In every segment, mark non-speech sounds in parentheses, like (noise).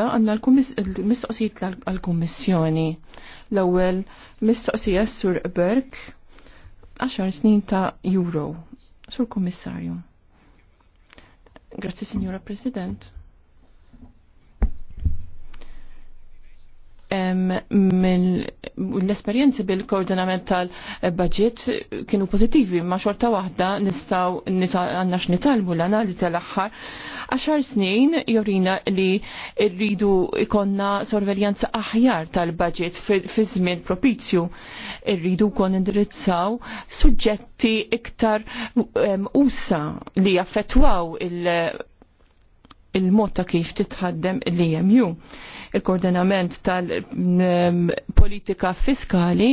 Da għanna l-mistoqsijiet għal-Kommissjoni. L-ewwel mistoqsija sur Berg 10 snin ta' euro. Sur Kommissarju. Grazzi, Signora President. l-esperienzi bil-koordinament tal-budget kienu pozittivi, ma xorta wahda nistaw għannax nitalmu l-analiz tal-axħar. Għaxar snin jorina li rridu ikonna sorveljanza aħjar tal-budget fi żmien propizju. Rridu kon indirizzaw suġġetti iktar usa li jaffetwaw il- il-mod ta' kif titħaddem l-EMU. Il-koordinament tal-politika fiskali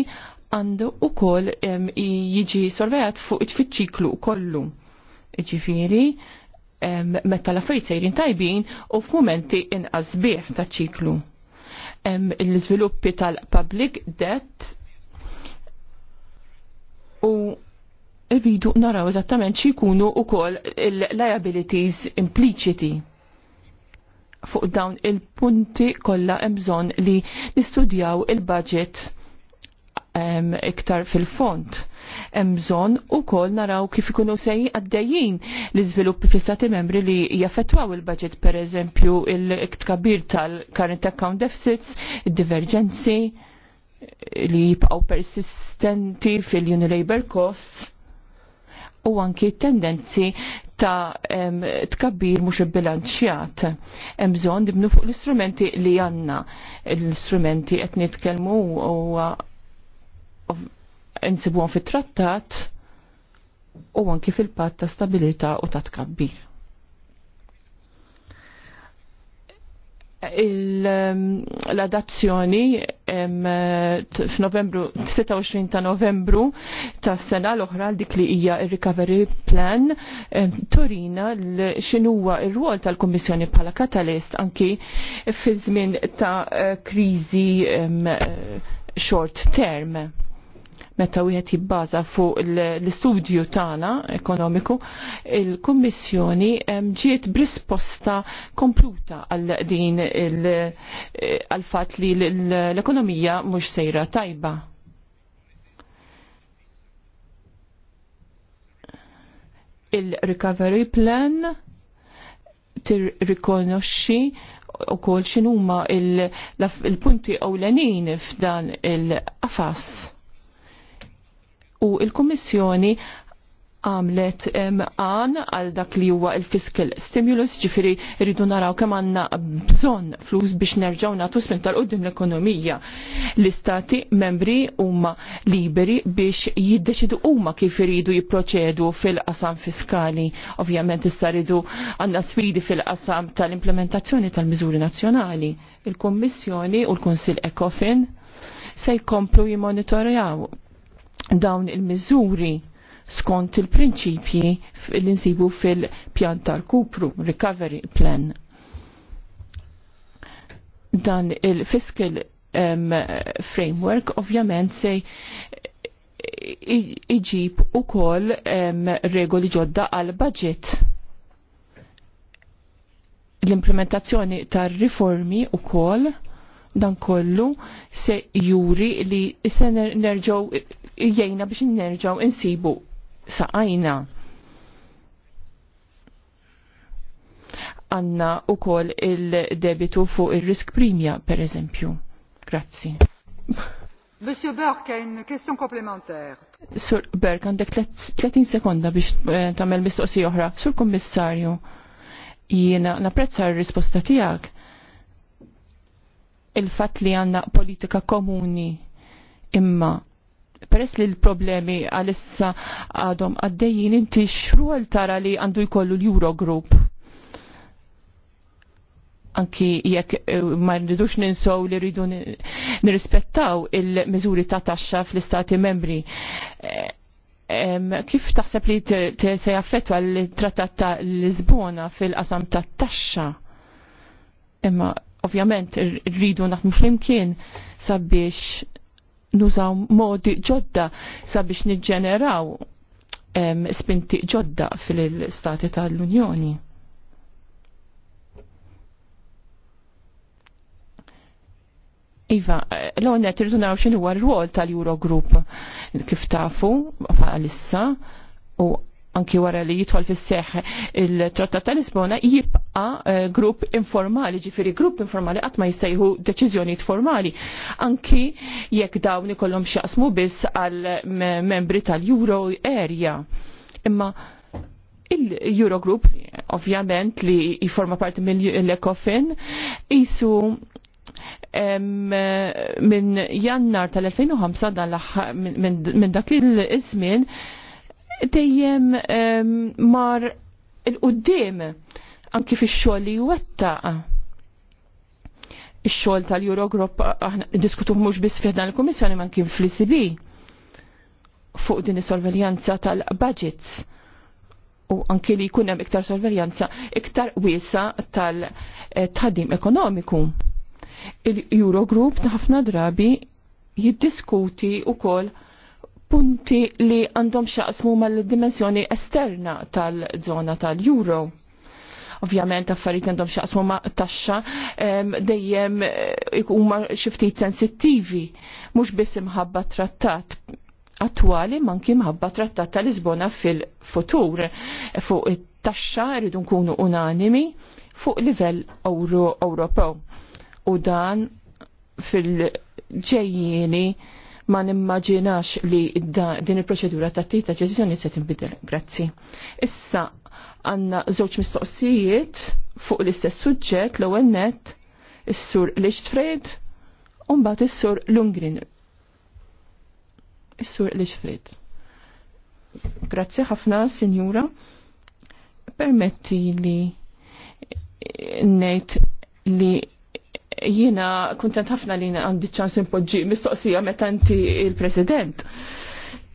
għandu u koll jiġi sorvejat fuq it fitċiklu kollu. Ġifiri, metta l-affarijiet sejrin tajbin u f'momenti inqas bieħ ta' ċiklu. L-iżviluppi tal-public debt u rridu naraw eżattament xikunu u koll il-liabilities impliċiti fuq dawn il-punti kollha hemm bżonn li nistudjaw il-budget iktar fil-font. Hemm bżonn ukoll naraw kif ikunu sejjin għaddejjin l-iżviluppi fi stati membri li jaffettwaw il-budget pereżempju il-tkabir tal-current account deficits, id-divergenzi li jibqgħu persistenti fil-unilabour costs u anki tendenzi ta' tkabbir mhux ibbilanċjat. Hemm bżonn nibnu fuq l-istrumenti li għandna. L-istrumenti qed nitkellmu u insibuhom fit-trattat u anki fil-patt ta' stabilità u ta' tkabbir. Ehm, l-adazzjoni ehm, f'Novembru 26 ta' Novembru ta' sena l-oħra dik li hija il-Recovery Plan ehm, turina x'inhuwa r-rwol tal-Kummissjoni bħala katalist anki fi żmien ta' eh, kriżi eh, short term meta wieħed jibbaża fuq l-istudju tagħna ekonomiku, il-Kummissjoni ġiet brisposta kompluta għal din għal fatt li l-ekonomija mhux sejra tajba. Il-recovery plan tirrikonoxxi u kol xinuma il-punti il ewlenin f'dan il-qafas u il-Kummissjoni għamlet għan għal dak li huwa il-fiscal stimulus, ġifiri rridu naraw kemm għandna bżonn flus biex nerġgħu nagħtu spin tal-qudiem l-ekonomija. L-istati membri huma liberi biex jiddeċidu huma kif iridu jipproċedu fil-qasam fiskali. Ovvjament issa rridu għandna sfidi fil-qasam tal-implementazzjoni tal-miżuri nazzjonali. Il-Kommissjoni u l kunsill ECOFIN se jkomplu jimonitorjaw dawn il-miżuri skont il-prinċipji li nsibu fil-pjan tal-kupru, recovery plan. Dan il-fiscal um, framework ovvjament se iġib u kol um, regoli ġodda għal budget l-implementazzjoni tar riformi u kol dan kollu se juri li se nerġaw jgħina biex nerġaw insibu saqajna. Għanna u kol il-debitu fuq il-risk premia, per eżempju. Grazzi. Monsieur Berg, une question complémentaire. Sur Berg, għandek 30 sekonda biex eh, tamel mistoqsija oħra. Sur Kommissarju, jiena napprezza r-risposta tijak il-fat li għanna politika komuni imma peress li l-problemi għalissa għadhom għaddejjin inti xruħal tara li għandu jkollu l-Eurogroup. Anki jekk eh, ma rridux ninsow li rridu nirrispettaw il-miżuri ta' taxxa fl-istati membri. Eh, kif taħseb li se jaffetwa l-trattat ta' Lisbona fil-qasam ta' taxxa? Imma ovvjament rridu naħdmu flimkien sabiex nużaw modi ġodda sabiex niġġeneraw spinti ġodda fil-Stati tal-Unjoni. Iva, l-għonet irridu naraw xinu għal r tal-Eurogroup kif tafu bħalissa u anki wara li jitħol fis seħ il-Trattat ta' Lisbona jibqa eh, grupp informali, ġifiri grupp informali qatt ma jistajħu deċiżjonijiet formali. Anki jekk dawn ikollhom x'jaqsmu biss għal membri tal-Euro area. Imma il-Eurogroup ovvjament li jiforma parti mill-Ecofin jisu minn jannar tal-2005 minn dak il-izmin dejjem ehm, mar il-qoddim anki fi xogħol li wettaq. Ix-xogħol tal-Eurogroup aħna diskutu mhux biss fih dan il-Kummissjoni ma kien fl-ICB fuq din is-sorveljanza tal-budgets u anki li jkun hemm iktar sorveljanza iktar wiesa tal-tħaddim ekonomiku. Il-Eurogroup ħafna drabi jiddiskuti u koll punti li għandhom xaqsmu mal-dimensjoni esterna tal-zona tal-euro. Ovvjament affarijiet għandhom xaqsmu ma' taxxa dejjem eh, huma xi ftit sensittivi, mhux biss imħabba trattat attwali manki mħabba trattat tal-Lisbona fil-futur fuq it-taxxa rridu nkunu unanimi fuq livell Ewropew. U dan fil-ġejjieni ma nimmaġinax li din il-proċedura ta' tita ġeżjoni se tinbidel. Grazzi. Issa għanna żewġ mistoqsijiet fuq l-istess suġġett l ewwel net is-sur Lichtfried u mbagħad is-sur Lungrin. Is-sur Lichtfried. Grazzi ħafna, Sinjura. Permetti li eh, ngħid li jiena kuntent ħafna li għandi ċans impoġġi mistoqsija meta inti il-President.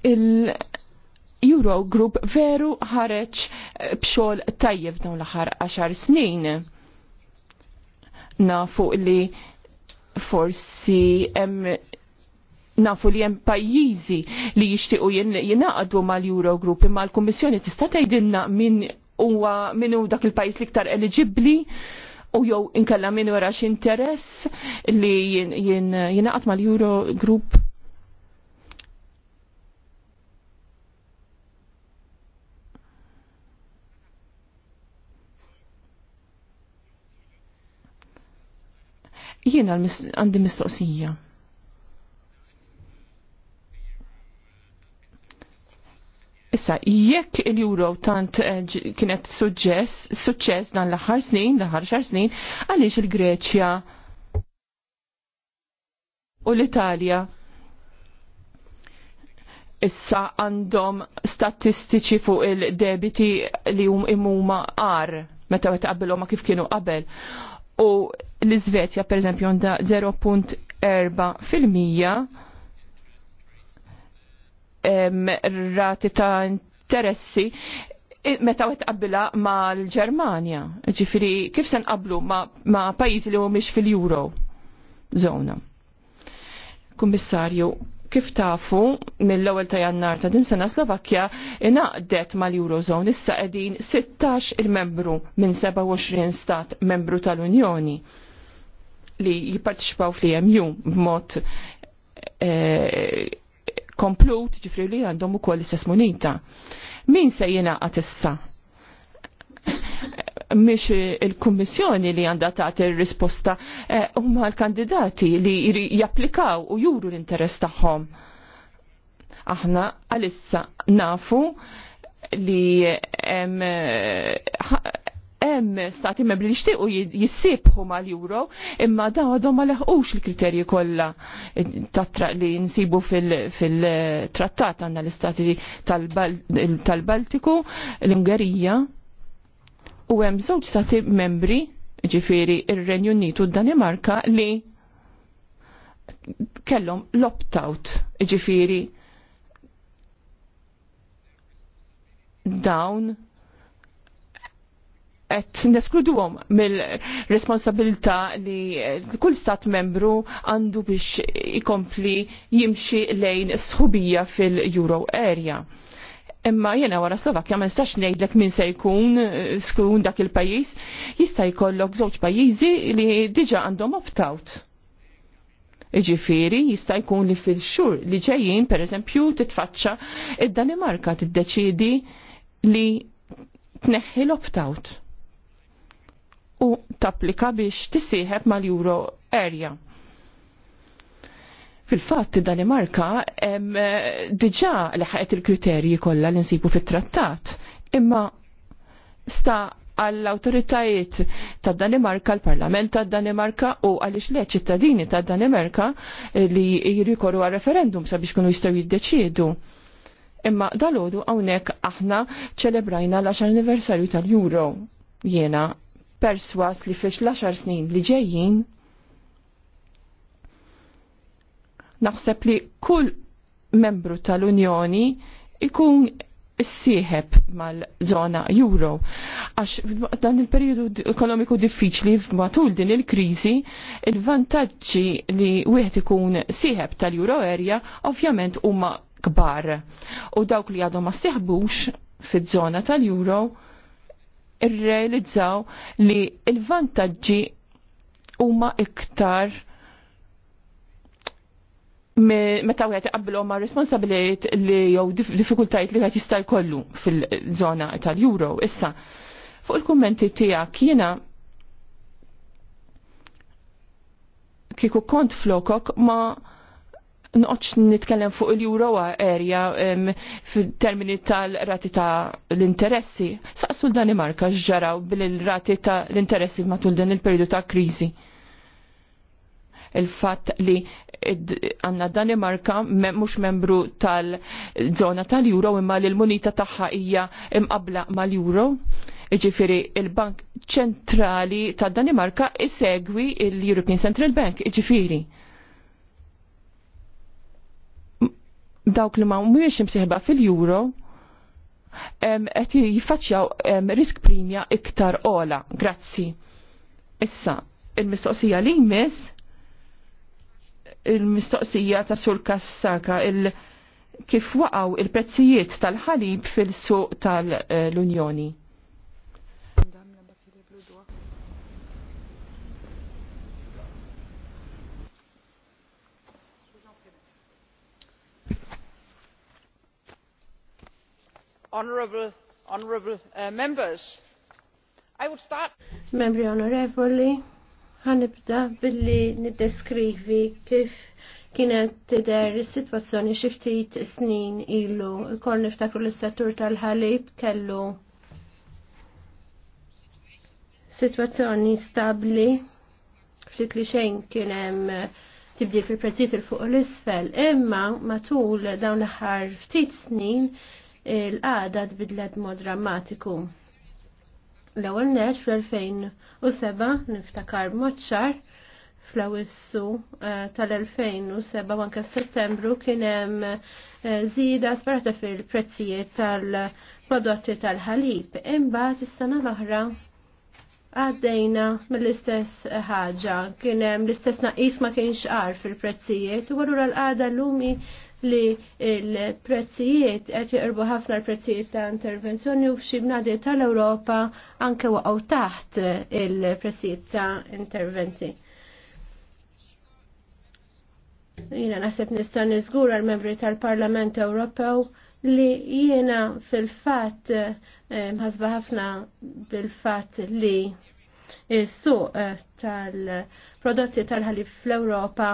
Il Eurogroup veru ħareċ bxol tajjeb dawn l-aħħar 10 snin. Nafu li forsi hemm nafu li hemm pajjiżi li jixtiequ jinaqadu mal-Eurogroup imma l-Kummissjoni tista' tgħidilna min huwa min hu dak il-pajjiż li iktar eliġibbli u jew inkella minn wara x'interess li jingħaqad mal-Euro Group. Jiena għandi mistoqsija. Issa, jekk il juro tant eh, kienet suċċess dan l-aħħar snin, l ħar xar snin, għaliex il-Greċja u l-Italja issa għandhom statistiċi fuq il-debiti li hum imuma għar meta għet qabelhom ma kif kienu qabel. U l-Izvezja, per eżempju, għandha 0.4 fil-mija rati ta' interessi meta għet qabbila ma' l-Germania. Ġifiri, kif sen qablu ma', ma pajizi li mhumiex fil-Euro zona? Kummissarju, kif tafu mill-ewwel ta' Jannar ta' din sena Slovakkja inaqdet mal-Eurozone issa qegħdin 16 il-membru minn 27 stat membru tal-Unjoni li jipparteċipaw fl-EMU b'mod eh, komplut ġifri li għandhom ukoll l-istess munita. Min se jingħaqad issa? Mhix il-kummissjoni li għandha tagħti r-risposta eh, huma l-kandidati li japplikaw u juru l-interess tagħhom. Aħna għalissa nafu li eh, eh, hemm stati membri li xtiequ jissibħu mal-euro imma daw għadhom ma leħqux il-kriterji kollha li nsibu fil-trattat għandna l-istati tal-Baltiku, l-Ungerija u hemm żewġ stati membri ġifiri ir-Renju Unitu u Danimarka li kellhom l-opt-out ġifiri dawn qed għom mill-responsabilità li eh, kull stat membru għandu biex ikompli jimxi lejn sħubija fil-euro area. Imma jena wara Slovakja ma nistax ngħidlek min se jkun eh, skun dak il-pajjiż, jista' jkollok żewġ pajjiżi li diġà għandhom opt-out. Iġifiri, jista' jkun li fil-xur li ġejjin, per eżempju, titfaċċa id-Danimarka tiddeċiedi li tneħħi l-opt-out u tapplika biex tisieħeb mal-Euro area. Fil-fatt Danimarka hemm eh, diġà laħqet il-kriterji kollha li nsibu fit-trattat, imma sta għall-autoritajiet ta' Danimarka, l-Parlament ta' Danimarka u għalix le ċittadini ta' Danimarka li jirikorru għal referendum sabiex kunu jistaw jiddeċiedu. Imma dal-ħodu għawnek aħna ċelebrajna l-10 anniversarju tal-Euro. Jena perswas li fiex l-10 snin li ġejjin naħseb li kull membru tal-Unjoni ikun s-sieħeb mal-zona euro. Għax dan il-periodu ekonomiku diffiċli matul din il-krizi, il-vantaġġi li wieħed ikun sieħeb tal-euro area ovvjament huma kbar. U dawk li għadhom ma sieħbux fiż-żona tal-euro irrealizzaw li il-vantaġġi huma iktar meta wieħed iqabbel ma' responsabbiliet li jew diffikultajiet li qed jista' jkollu fil-żona tal-Euro. Issa, fuq il-kummenti tiegħek jiena kieku kont flokok ma' noqgħodx nitkellem fuq il-euro area fil-termini tal-rati ta' l-interessi. Saqsu l-Danimarka x'ġaraw bil-rati ta' l-interessi matul din il-periodu ta' kriżi. Il-fatt li għanna Danimarka mhux membru tal-żona tal-euro imma li l-munita tagħha hija imqabla mal-euro. Iġifiri il-Bank Ċentrali tad Danimarka isegwi l european Central Bank, iġifiri dawk li ma mhuwiex imsieħba fil-euro qed jiffaċċjaw risk premja iktar ola. Grazzi. Issa, il-mistoqsija li jmiss il-mistoqsija ta' sur kassaka il kif waqaw il-prezzijiet tal-ħalib fil-suq tal-Unjoni. Eh, honourable uh, members. I would start. Membri onorevoli, ħanibda billi niddeskrivi kif kienet tider situazzjoni xiftit snin ilu. Kol niftakru l-istatur tal-ħalib kellu situazzjoni stabli ftit li xejn kien hemm tibdil fil-prezzijiet il fuq l-isfel. Imma matul dawn l-aħħar ftit snin l-għada tbidlet mod drammatiku. L-ewwel nerġ fl-2007 niftakar moċċar fl-awissu eh, tal-2007 anke f'Settembru kien hemm żieda eh, sparata fil-prezzijiet tal-prodotti tal-ħalib. Imbagħad is-sena l-oħra għaddejna mill-istess ħaġa, kien hemm l-istess naqis ma kienx għar fil-prezzijiet u għallura l-għada l-lumi li l prezzijiet qed jirbu ħafna l-prezzijiet ta' intervenzjoni u f'xi bnadi tal-Ewropa anke waqgħu taħt il-prezzijiet ta' interventi. Jiena naħseb nista' niżgur għal-membri tal-Parlament Ewropew li jiena fil-fatt eh, mħasba ħafna bil-fatt li is-suq eh, tal-prodotti tal-ħalib fl-Ewropa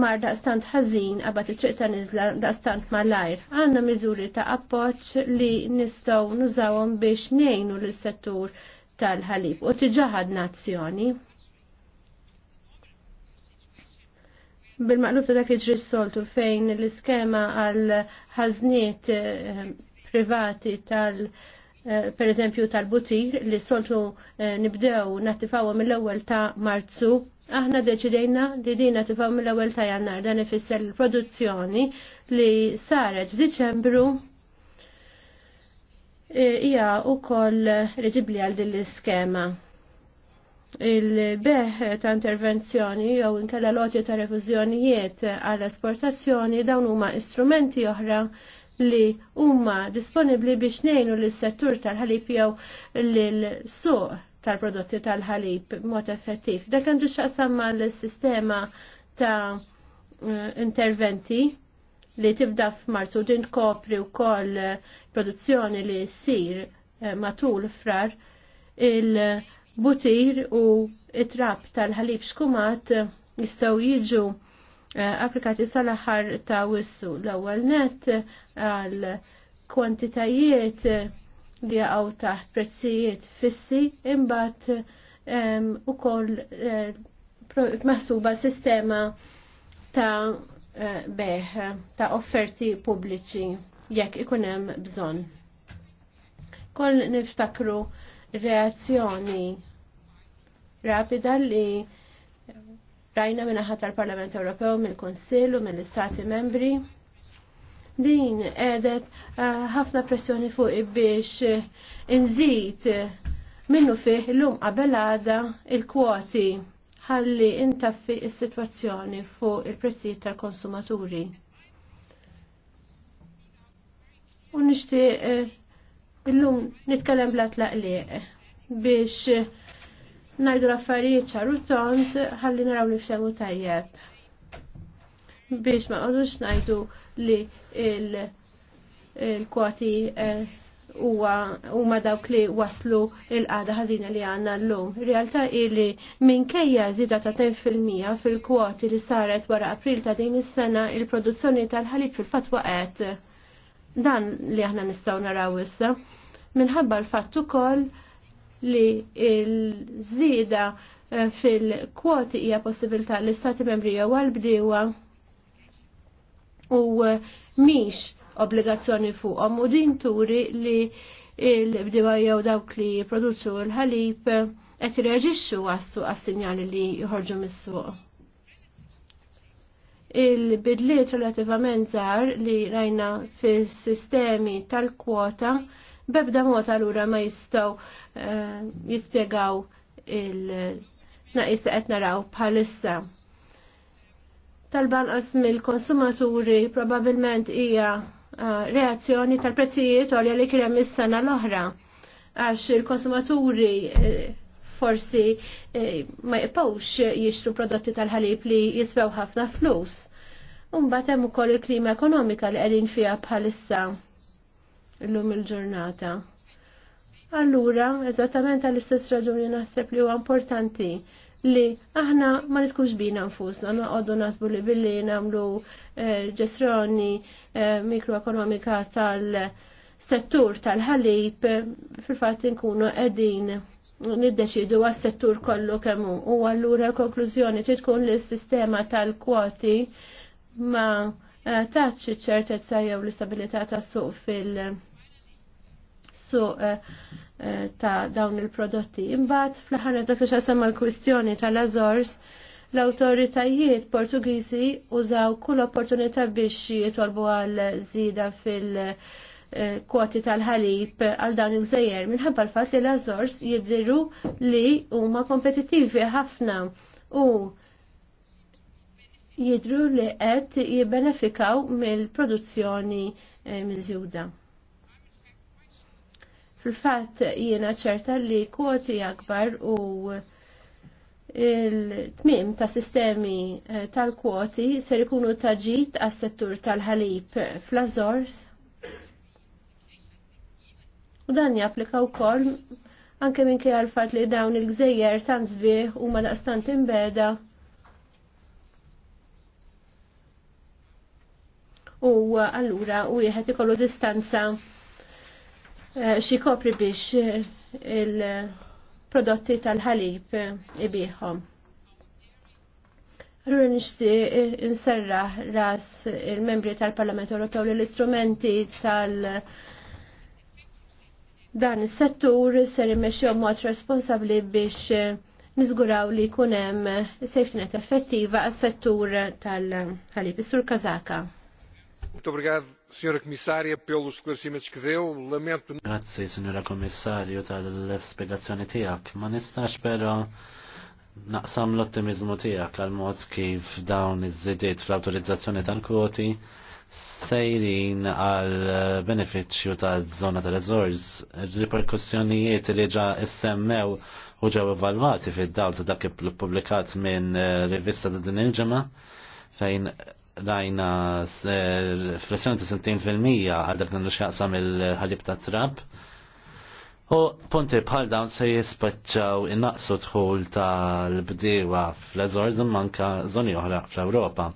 mar daqstant ħażin qabad it-triq ta' niżla daqstant malajr. Għandna miżuri ta' appoġġ li nistgħu nużawhom biex ngħinu lis-settur tal-ħalib u tiġaħad nazzjoni. Bil-maqlub ta' dak iġri soltu fejn l-iskema għal ħażniet eh, privati tal- eh, per eżempju tal-butir li soltu eh, nibdew nattifawhom mill-ewwel ta' Marzu Aħna deċidejna li dina tifaw mill-ewwel ta' jannar dan ifisser l-produzzjoni li saret f'Diċembru e, hija wkoll reġibli għal din l-iskema. Il-beħ ta' intervenzjoni jew inkella loti ta' refużjonijiet għal esportazzjoni dawn huma istrumenti oħra li huma disponibbli biex ngħinu lis settur tal-ħalib jew lil suq tal-prodotti tal-ħalib mod effettiv. Dak għandu xaqsam l sistema ta' eh, interventi li tibda f'Marzu din kopri u koll produzzjoni li sir eh, matul frar il-butir u it-trap tal-ħalib xkumat jistaw jiġu eh, applikati sal-aħħar ta' wissu l-ewwel net għal kwantitajiet li għaw taħt prezzijiet fissi imbagħad ukoll eh, maħsuba sistema ta' eh, beħ ta' offerti pubbliċi jekk ikun hemm bżonn. Koll niftakru reazzjoni rapida li rajna minna tal-Parlament Ewropew, mill-Konsil u mill-Istati membri din għedet eh, ħafna pressjoni fuq biex eh, nżid eh, minnu fih l-lum għabelada il-kwoti ħalli intaffi il sitwazzjoni fuq il prezzi tal-konsumaturi. U nixtieq illum nitkellem bla tlaqliq biex ngħidu l-affarijiet ċarutont ħalli naraw fxemu tajjeb biex ma għadux najdu li il-kwati eh, u ma dawk li waslu il-qada ħażina li għanna l-lum. Realtà illi minkejja żieda ta' 10% fil-kwoti li saret wara april ta' din is-sena il-produzzjoni tal-ħalib fil-fatwa qed. Dan li aħna nistgħu naraw issa. Minħabba l-fatt ukoll li l-żieda eh, fil-kwoti hija possibilità l-istati membri jew għal-bdiewa u eh, miex obbligazzjoni fuqhom u din turi li il-bdiba jew dawk li jipproduċu l-ħalib eh, qed jirreġixxu għas-sinjali li jħorġu mis-suq. Il-bidliet relativament żgħar li rajna fis-sistemi tal-kwota bebda mod allura ma jistgħu eh, jispjegaw il-naqis qed naraw bħalissa tal-banqas mill-konsumaturi probabilment hija eh, reazzjoni tal-prezzijiet għalja li kien hemm is-sena l-oħra għax il-konsumaturi eh, forsi eh, ma jipawx jixtru prodotti tal-ħalib li jiswew ħafna flus. Umbat hemm ukoll il-klima ekonomika li qegħdin fiha bħalissa llum il-ġurnata. Allura, eżattament għall-istess raġuni naħseb li huwa importanti li aħna ma nitkux bina nfusna, naqoddu nasbu li billi namlu eh, ġesroni eh, mikroekonomika tal-settur tal-ħalib, eh, fil-fat nkunu edin niddeċidu għas-settur kollu kemmu. U għallura konklużjoni tkun li s-sistema tal-kwoti ma taċċi ċertezza jew l-istabilità tas-suq fil- suq eh, eh, ta' dawn il-prodotti. Imbagħad fl-aħħar dak li xasemma l-kwistjoni tal-Azors l-autoritajiet Portugiżi użaw kull opportunità biex jitolbu għal zida fil-kwoti eh, tal-ħalib għal dawn il-gżejjer minħabba l-fatt li l-Azors jidhiru li huma kompetittivi ħafna u jidru li qed jibbenefikaw mill-produzzjoni miżjuda. Fil-fatt jiena ċerta li kwoti akbar u il-tmim ta' sistemi eh, tal-kwoti ser ikunu taġit għas settur tal-ħalib fl-Azors. U dan japplika wkoll anke minkej għal-fat li dawn il-gżejjer tant zbieħ u ma daqstant imbeda. U allura u jħet ikollu distanza Eh, xi kopri biex eh, il-prodotti tal-ħalib eh, ibiħom. Allura nixti inserraħ ras il-membri tal-Parlament Ewropew li l-istrumenti tal- dan is-settur ser immexxihom mod responsabbli biex nizguraw li kunem hemm effettiva għas settur tal-ħalib. Is-sur Kazaka. Sra. Komissarja, pelos sklarsimentos que deu, lamento. Grazzi, Sra. tal-spiegazzjoni tijak. Ma nistax pero naqsam l-ottimizmu tijak għal-mod kif dawn iż-żidiet fl-autorizzazzjoni tal-kwoti sejrin għal beneficju tal-zona tal-eżorz. Riperkussjonijiet li ġa issemmew u ġew evalwati fid-dawl ta' dak il-publikat minn rivista ta' din il-ġemma fejn rajna flessjoni ta' 60% għal dak nandu xaqsam il-ħalib ta' trap. U punti bħal dawn se jispaċċaw innaqsu tħul tal-bdiewa fl-eżorz manka zoni oħra fl-Ewropa.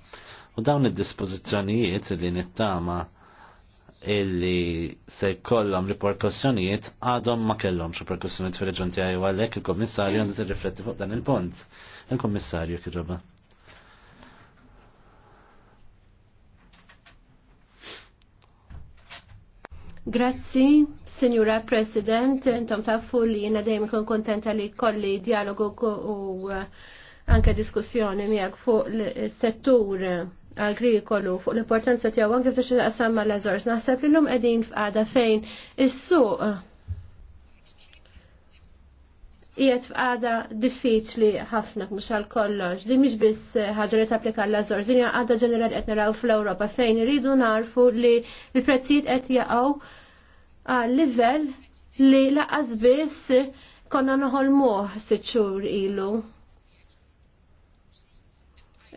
U dawn id-dispożizzjonijiet li nittama illi se kollom riperkussjonijiet għadhom ma kellhom riperkussjonijiet fir-reġun tiegħi għalhekk il-Kummissarju għandu tirrifletti fuq dan il-punt. Il-Kummissarju kirroba. Grazzi, Signora President, intom tafu li jena dejjem ikun kontenta li kolli dialogu u eh, anke diskussjoni miegħek fuq l-settur agrikolu fuq l-importanza tiegħu anke f'tax qasam mal-Azors. Naħseb li l-lum qegħdin f'qada fejn is-suq Ijet f'għada diffiċli ħafna mhux għal kollox. Din mhix biss ħaġa li tapplika l-Azor, din għada ġenerali qed naraw fl-Ewropa fejn iridu narfu li l-prezzijiet qed jaqgħu għal livell li laqas biss konna noħolmuh sitt xhur ilu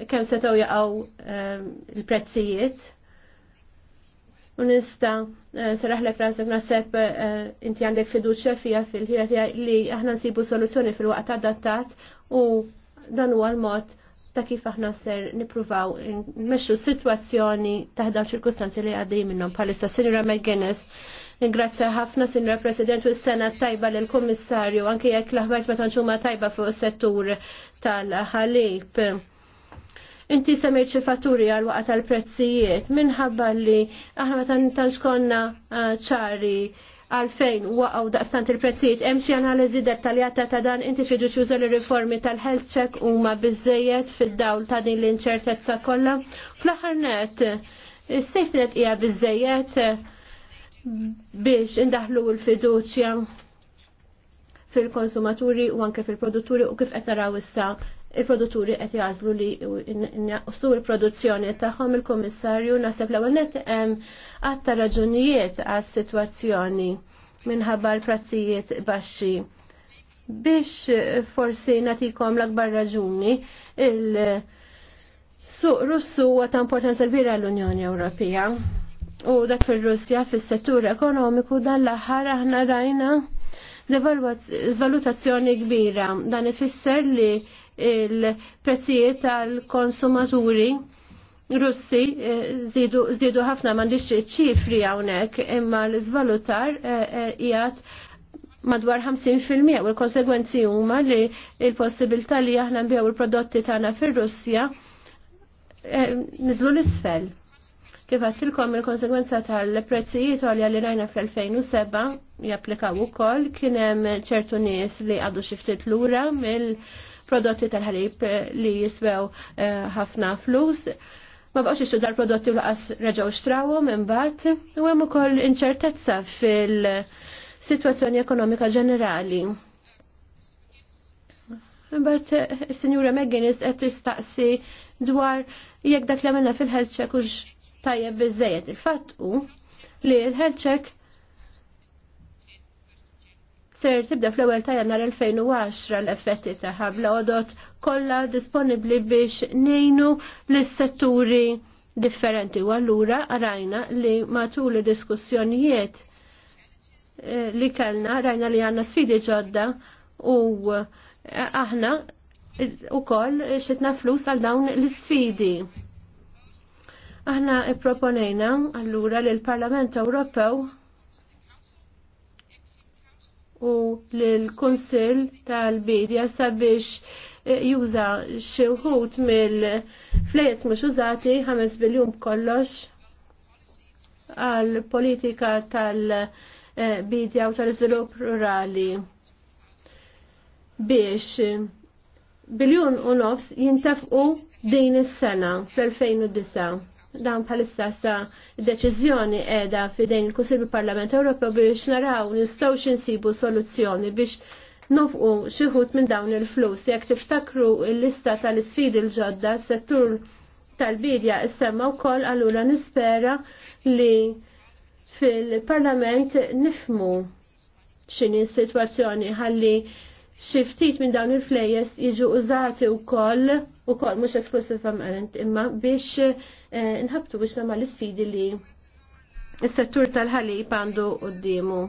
kemm setgħu jaqgħu ehm, l-prezzijiet. Unista, eh, saraħlek rasek nasib eh, inti għandek fiduċa fija fil-ħira li aħna nsibu soluzzjoni fil-waqt adattat u dan huwa l-mod ta' kif aħna ser nipruvaw nmexxu situazzjoni taħda ċirkustanzi li għaddej minnhom bħalissa Sinjura McGuinness. Ingrazzja ħafna Sinjura President u s-sena tajba l kummissarju anke jekk l-aħbar ma tanċuma tajba fuq is-settur tal-ħalib. Inti semmejt xi fatturi għal waqt tal-prezzijiet minħabba li aħna ma tantax konna ah, ċari għalfejn waqgħu daqstant il-prezzijiet hemm xi analiżi dettaljata ta' dan inti xiġu ġuża ir-riformi tal-health check huma biżejjed fid-dawl ta' din l-inċertezza kollha. Fl-aħħar net, is-safety net hija biżejjed biex indaħlu l-fiduċja fil-konsumaturi u anke fil-produtturi u kif qed naraw issa il-produtturi qed jażlu li su l-produzzjoni tagħhom il-Kummissarju naħseb l-ewwel net hemm għatta raġunijiet għas-sitwazzjoni minħabba l-prezzijiet baxxi. Biex forsi natikom l-akbar raġuni il- Suq Russu huwa ta' importanza kbira l-Unjoni Ewropea. U dak fir-Russja fis-settur ekonomiku dan l-aħħar aħna rajna zvalutazzjoni kbira. Dan ifisser li il-prezzijiet tal-konsumaturi Russi eh, zidu ħafna li ċifri hawnhekk imma l-iżvalutar eh, eh, jgħat madwar 50% u l-konsegwenzi huma li l-possibilità li aħna nbjew il-prodotti tagħna fir-Russja niżlu l-isfel. Kif tilkom il-konsegwenza tal-prezzijiet għalja li rajna fl-2007 japplikaw ukoll kien hemm ċertu nies li għadu xi ftit lura mill- prodotti tal ħarib eh, li jiswew eh, ħafna flus. Ma baqgħux ixtu dal-prodotti u laqas xtrawu xtrawhom imbagħad u hemm ukoll inċertezza fil-sitwazzjoni ekonomika ġenerali. Bat is-Sinjura eh, McGuinness qed tistaqsi dwar jekk dak l fil ħelċek check hux tajjeb biżejjed. Il-fatt hu li l ħelċek ser tibda fl-ewwel ta' jannar 2010 l-effetti ta' ħabla odot kollha disponibbli biex nejnu l setturi differenti u allura rajna li matul id-diskussjonijiet eh, li kellna rajna li għandna sfidi ġodda u eh, aħna u koll xitna flus għal dawn l-sfidi. Aħna proponejna allura li l-Parlament Ewropew u l-Kunsill tal-Bidja sabiex eh, juża xi wħud mill-flejes mhux użati 5 biljum kollox għal politika tal-bidja u tal-iżvilupp rurali biex biljun u nofs jintafqu din is-sena fl-2009 dan bħalissa sa deċiżjoni edha fidejn il-Kunsil parlament Ewropew biex naraw nistgħu xinsibu soluzzjoni biex nofqu xi ħut minn dawn il-flus. Jekk tiftakru l-lista tal-isfidi l-ġodda settur tal-bidja issemma wkoll allura nispera li fil-Parlament nifmu x'inhi s-sitwazzjoni ħalli xi ftit minn dawn il-flejes jiġu użati wkoll ukoll mhux esklusivament imma biex eh, nħabtu biex nagħmel l-isfidi li s-settur tal-ħalib għandu quddiemu.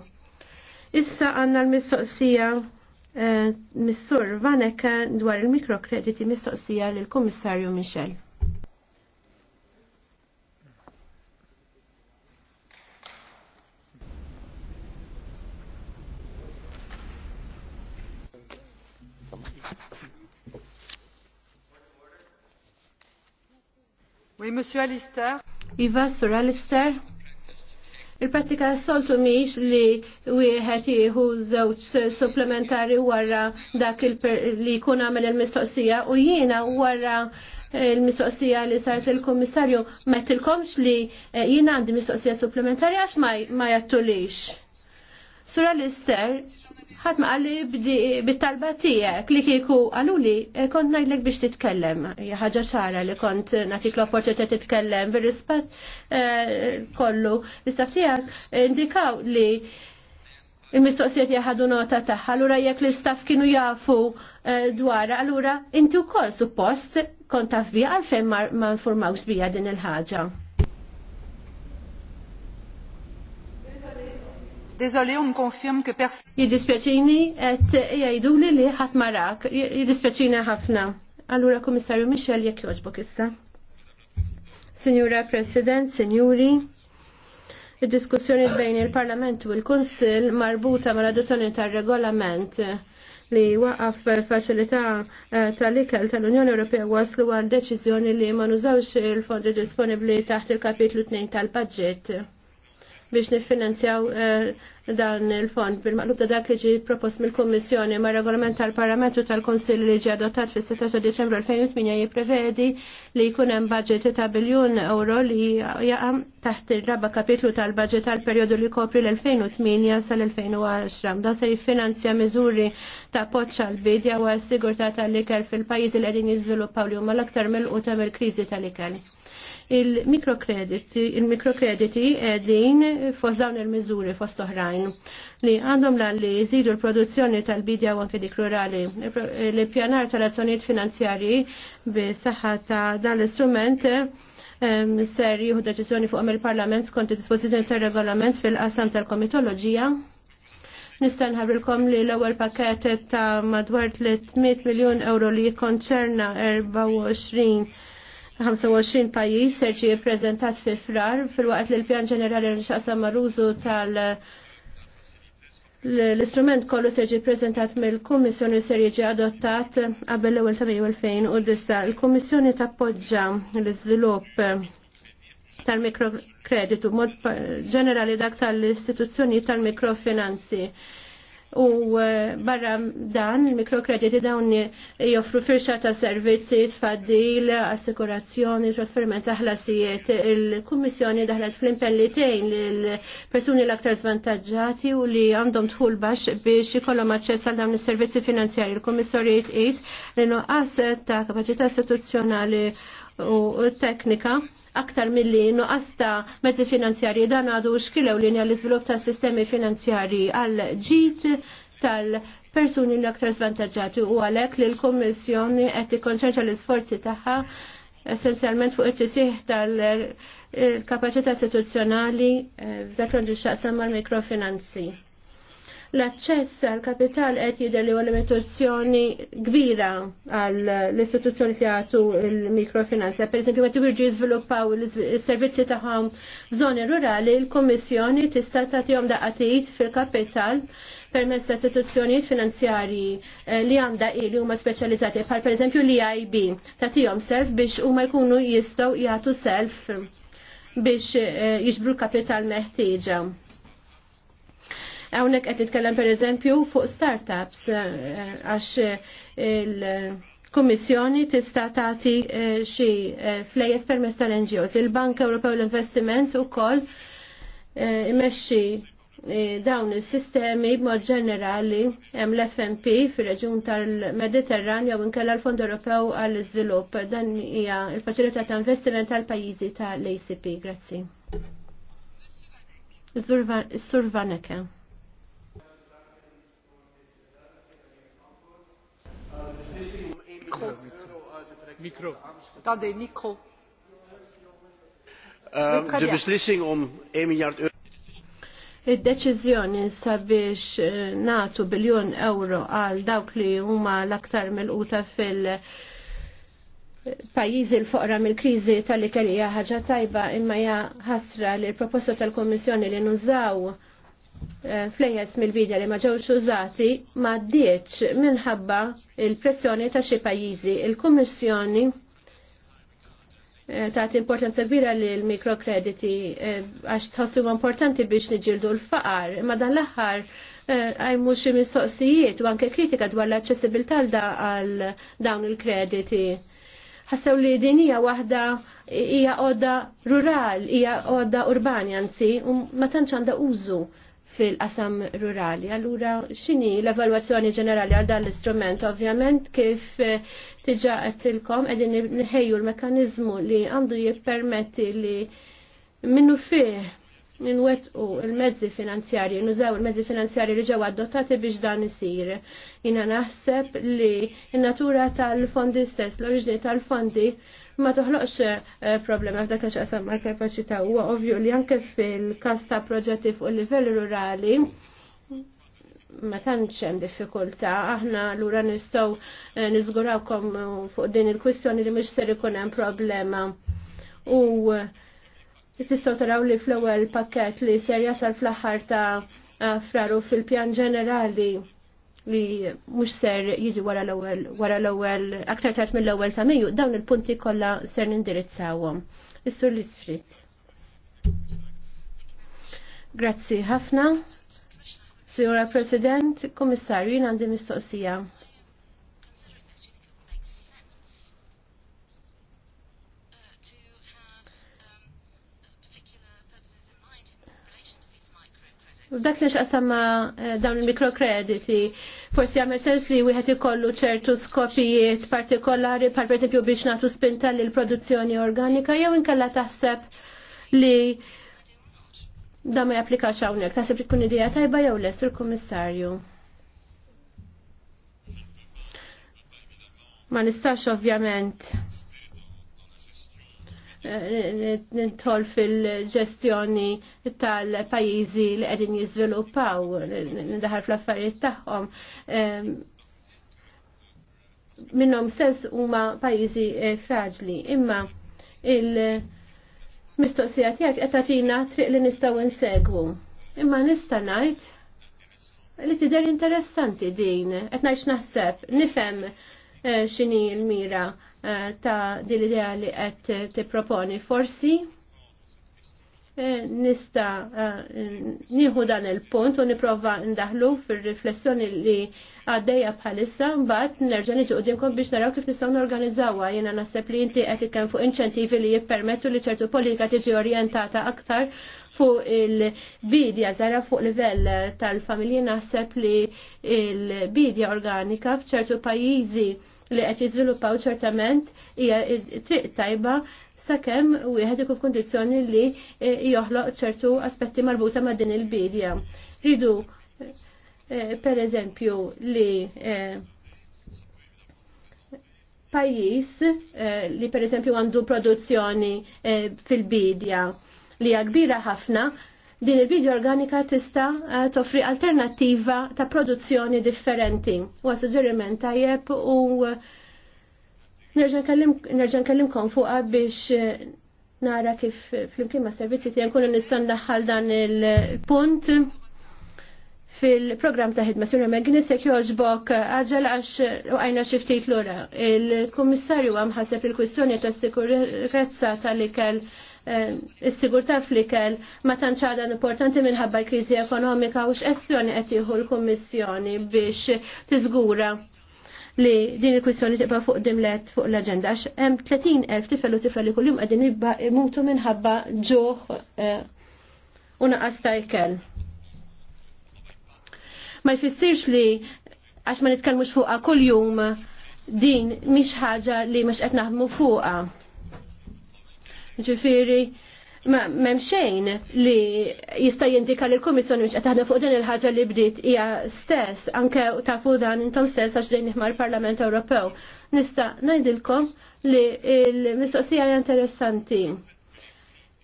Issa għandna l-mistoqsija eh, Missur Vaneka dwar il-mikrokrediti mistoqsija lill-Kummissarju Michel. Oui, Monsieur Alistair. Iva, Sur Alistair. Il-pratika soltu miex li wieħed jieħu żewġ supplementari wara dak li jkun għamel il-mistoqsija u jiena wara il-mistoqsija li sart il-komissarju ma jtilkomx li eh, jiena għandi mistoqsija supplementari għax ma jattulix. Sura Lister, ħat ma għalli bit-talba tijek li kiku għaluli, eh, kont najdlek biex titkellem, ħagġa ċara li kont natik l-opportunità titkellem, bil-rispat eh, kollu, l-istaf tijak indikaw li il-mistoqsijiet jaħadu nota taħ, allura jekk l-istaf kienu jafu eh, dwar, allura inti u koll suppost kont taf bija għalfem ma informawx bija din il-ħagġa. Désolé, on me confirme que personne. Jiddispjaċini, et jajdu li li ħat marak, jiddispjaċini ħafna. Allura, komissarju Michel, jek joġbok issa. Signora President, signori, il-diskussjoni bejn il-Parlament u il-Konsil marbuta mal adozzjoni tal-regolament li waqaf faċilità eh, tal-ikel tal-Unjoni Ewropea waslu għal deċiżjoni li ma nużawx il-fondi disponibili taħt il-kapitlu 2 tal-budget biex nifinanzjaw eh, dan il-fond. Bil-maqlub ta' dak li ġi propost mill-Kommissjoni ma' regolament tal-Parlamentu tal-Konsil li ġi adottat fis-16 Deċembru 2008 jipprevedi li jkun hemm budget ta' biljun euro li jaqam taħt ir-raba kapitlu tal-budget tal-perjodu li kopri l-2008 sal-2010. Dan se jiffinanzja miżuri ta' poċċa l-bidja u s sigurta tal-ikel fil-pajjiżi li qegħdin jiżviluppaw li huma l-aktar mill-quta mill-kriżi tal-ikel il-mikrokrediti il-mikrokrediti edin fost dawn il-mizuri fost oħrajn li għandhom la li jżidu l-produzzjoni tal-bidja u anke dik rurali. Il-pjanar tal-azzjonijiet finanzjarji bi saħħa ta' dan l-istrument ser jieħu deċiżjoni fuq il-Parlament skont il dispożizzjoni tar-regolament fil-qasam tal-komitoloġija. Nista' ħabrilkom li l-ewwel pakett ta' madwar 300 miljun euro li jikkonċerna 24 25 pajjiż serġi ippreżentat fi frar fil-waqt li l-pjan ġenerali nxaqsam marużu tal- L-istrument kollu serġi prezentat mill-Kummissjoni ser jiġi adottat qabel l-ewwel ta' Mejju 2009. Il-Kummissjoni tappoġġa l-iżvilupp tal-mikrokreditu mod ġenerali dak tal-istituzzjoni tal-mikrofinanzi u eh, barra dan il-mikrokrediti dawn joffru firxa ta' servizzi, tfaddil, assikurazzjoni, trasferiment ta' ħlasijiet. Il-Kummissjoni daħlet fl-impellitejn l-persuni l-aktar svantagġati u li għandhom tħul bax biex jkollhom aċċess għal dawn is-servizzi finanzjari. Il-Kummissjonijiet is nuqqas ta' kapaċità istituzzjonali u teknika aktar mill-li nuqqas ta' mezzi finanzjarji dan għadu xkilew linja l-iżvilupp ta' sistemi finanzjarji għal ġit tal-persuni l-aktar svantagġati u għalek li l-Kommissjoni qed ikkonċentra l-isforzi tagħha essenzjalment fuq it-tisih tal-kapacità istituzzjonali eh, f'dak l-ġuxaqsam mal-mikrofinanzi. L-aċċess għal kapital qed jidher li huwa limitazzjoni kbira għal l-istituzzjoni li jagħtu l-mikrofinanza. Pereżempju meta jiġu jiżviluppaw is-servizzi tagħhom żoni rurali, l-Kummissjoni tista' tagħtihom daqatit fil-kapital permezz ta' istituzzjonijiet finanzjarji eh, li għandha li huma speċjalizzati bħal pereżempju l ib tagħtihom self biex huma jkunu jistgħu jagħtu self biex eh, jiġbru kapital meħtieġa. Hawnhekk qed nitkellem pereżempju fuq startups eh, għax eh, il- Kummissjoni tista' tagħti eh, xi flejjes permezz tal-NGOs. Il-Bank Ewropew l-Investiment ukoll imexxi dawn is-sistemi b'mod ġenerali hemm l-FMP fir-reġjun tal-Mediterran u nkella l-Fond Ewropew għall-Iżvilupp. Dan hija l-faċilità ta' investiment tal-pajjiżi tal-ACP. Grazzi. Zurvaneke. Ehm, miljard euro. Id-deċiżjoni sabiex eh, natu biljon euro għal dawk li huma l-aktar mill-quta fil- pajjiżi l-foqra mill-kriżi tal-ikelija ħaġa tajba imma hija ħasra li l-proposta tal kummissjoni li nużaw Eh, flejes mill vidja li ma ġewx użati ma ddiċ minħabba il-pressjoni ta' xi pajjiżi. Il-Kummissjoni eh, ta' importanza kbira li l-mikrokrediti eh, għax tħossu importanti biex niġildu l-faqar. Ma dan l-aħħar għajmu xi mistoqsijiet u anke kritika dwar l-aċċessibilità għal dawn il-krediti. Ħassew li din hija waħda hija għodda rural, hija għodda urbani anzi, u ma tantx għandha użu fil-qasam rurali. Allura, xini l-evaluazzjoni ġenerali għal dan l-istrument? Ovvjament, kif tiġa eh, għattilkom, edin nħejju l-mekanizmu li għandu jippermetti li minnu fih ninwetqu il-mezzi finanzjarji, nużaw il-mezzi finanzjarji li ġew adottati biex dan isir. Jina naħseb li n-natura tal-fondi stess, l-oriġni tal-fondi ma toħloqx eh, problema f'dak li xaqsam ma' kapacita huwa ovvju li anke fil-każ ta' proġetti fuq il-livell rurali ma tantx hemm diffikultà, aħna lura nistgħu eh, niżgurawkom fuq din il-kwistjoni li mhux ser ikun hemm problema. U eh, tistgħu taraw li fl-ewwel pakkett li ser jasal fl-aħħar ta' fraru fil-pjan ġenerali li mux ser jiġi wara l ewel wara l ewel aktar tard mill-ewwel ta' meju, dawn il-punti kolla ser nindirizzawhom. Is-sur Lisfrit. Grazzi ħafna. Signora President, Komissarju, jien għandi mistoqsija. Dak li xaqsam eh, dawn il-mikrokrediti, forsi għamil sens li wieħed ikollu ċertu skopijiet partikolari par eżempju biex nagħtu spinta lil produzzjoni organika jew inkella taħseb li da ma japplikax hawnhekk taħseb li tkun idea tajba jew lest il-kummissarju. Ma nistax ovvjament nintol fil-ġestjoni tal-pajizi li għedin jizviluppaw, ndaħar fl-affarijiet tagħhom. Minnom sens huma pajizi eh, fraġli, imma il-mistoqsija tiegħek qed triq li nistgħu insegwu. Imma nista' ngħid li tidher interessanti din, qed naħseb, nifhem eh, x'inhi l-mira. Eh, ta' din l-idea li qed tipproponi. Forsi eh, nista eh, nieħu dan il-punt u niprofa ndaħlu fir-riflessjoni li għaddejja bħalissa mbagħad nerġa' niġi qudiemkom biex naraw kif nistgħu norganizzawha. Jiena naħseb li inti qed ikkem fuq inċentivi li jippermettu li ċertu politika tiġi orjentata aktar fuq il-bidja zara fuq livell tal-familji naħseb li il-bidja organika f'ċertu pajjiżi li qed jiżviluppaw ċertament hija triq tajba sakemm wieħed ikun f'kundizzjoni li eh, joħloq ċertu aspetti marbuta ma' din il-bidja. Ridu eh, per eżempju li eh, pajjiż li per eżempju għandu produzzjoni fil-bidja li hija kbira ħafna din il-bidja organika tista eh, toffri alternativa ta' produzzjoni differenti. U għasuġeriment tajjeb u eh, nerġan kellim fuqa biex eh, nara kif fl-imkien ma' servizzi tijan kunu nistan daħħal dan il-punt fil-programm ta' ħidma Sura Magnis jekk joġbok għaġel għax u għajna xi ftit lura. Il-Kummissarju għam il kwissjoni tas-sikurezza tal-ikel Eh, is-sigurtà fl-ikel ma tantx għadha importanti minħabba l-kriżi ekonomika u x'essjoni qed jieħu l-Kummissjoni biex tiżgura li din il-kwistjoni tibqa' fuq dimlet fuq l-aġenda għax hemm 30,000 tifel u tifel li kuljum qegħdin imutu minħabba ġuħ eh, u naqas ta' ikel. Ma jfissirx li għax ma nitkellmux fuqha kuljum din mhix ħaġa li mhux qed naħdmu fuqha. Ġifiri, ma memxejn li jista' jindika li l komissjoni mhux qed taħdem fuq din il-ħaġa li bdiet hija stess, anke tafu dan intom stess għax dejn ma l-Parlament Ewropew. Nista' ngħidilkom li l-mistoqsija hija interessanti.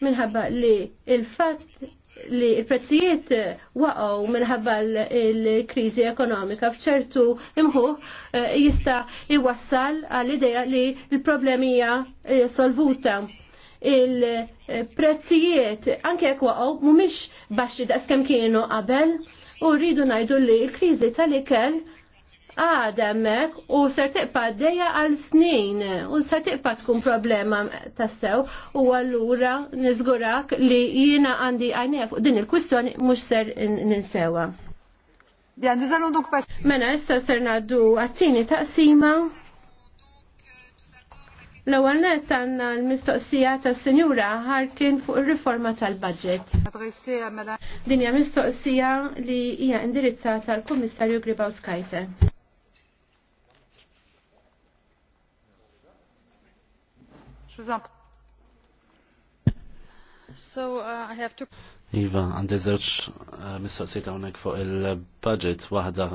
Minħabba li il-fatt li il-prezzijiet waqgħu minħabba l-kriżi ekonomika f'ċertu imħu eh, jista' iwassal għall-idea li l-problemija eh, solvuta il-prezzijiet anke jekk waqgħu mhumiex baxxi daqskemm kienu qabel u rridu ngħidu li l-kriżi tal-ikel għademek u ser tiqpa d-deja għal snin u ser tiqpa tkun problema tassew u għallura nizgurak li jina għandi għajnija fuq din il-kwistjoni mux ser ninsewa. Mena, issa ser naddu għattini taqsima. L-ewwel net għandna l-mistoqsija tas-Sinjura ħarkin fuq ir-riforma tal-budget. Din hija mistoqsija li hija indirizzata l kummissarju Gribaw Skajte. So uh, I have to Iva, għandi żewġ uh, mistoqsijiet hawnhekk fuq il-budget, waħda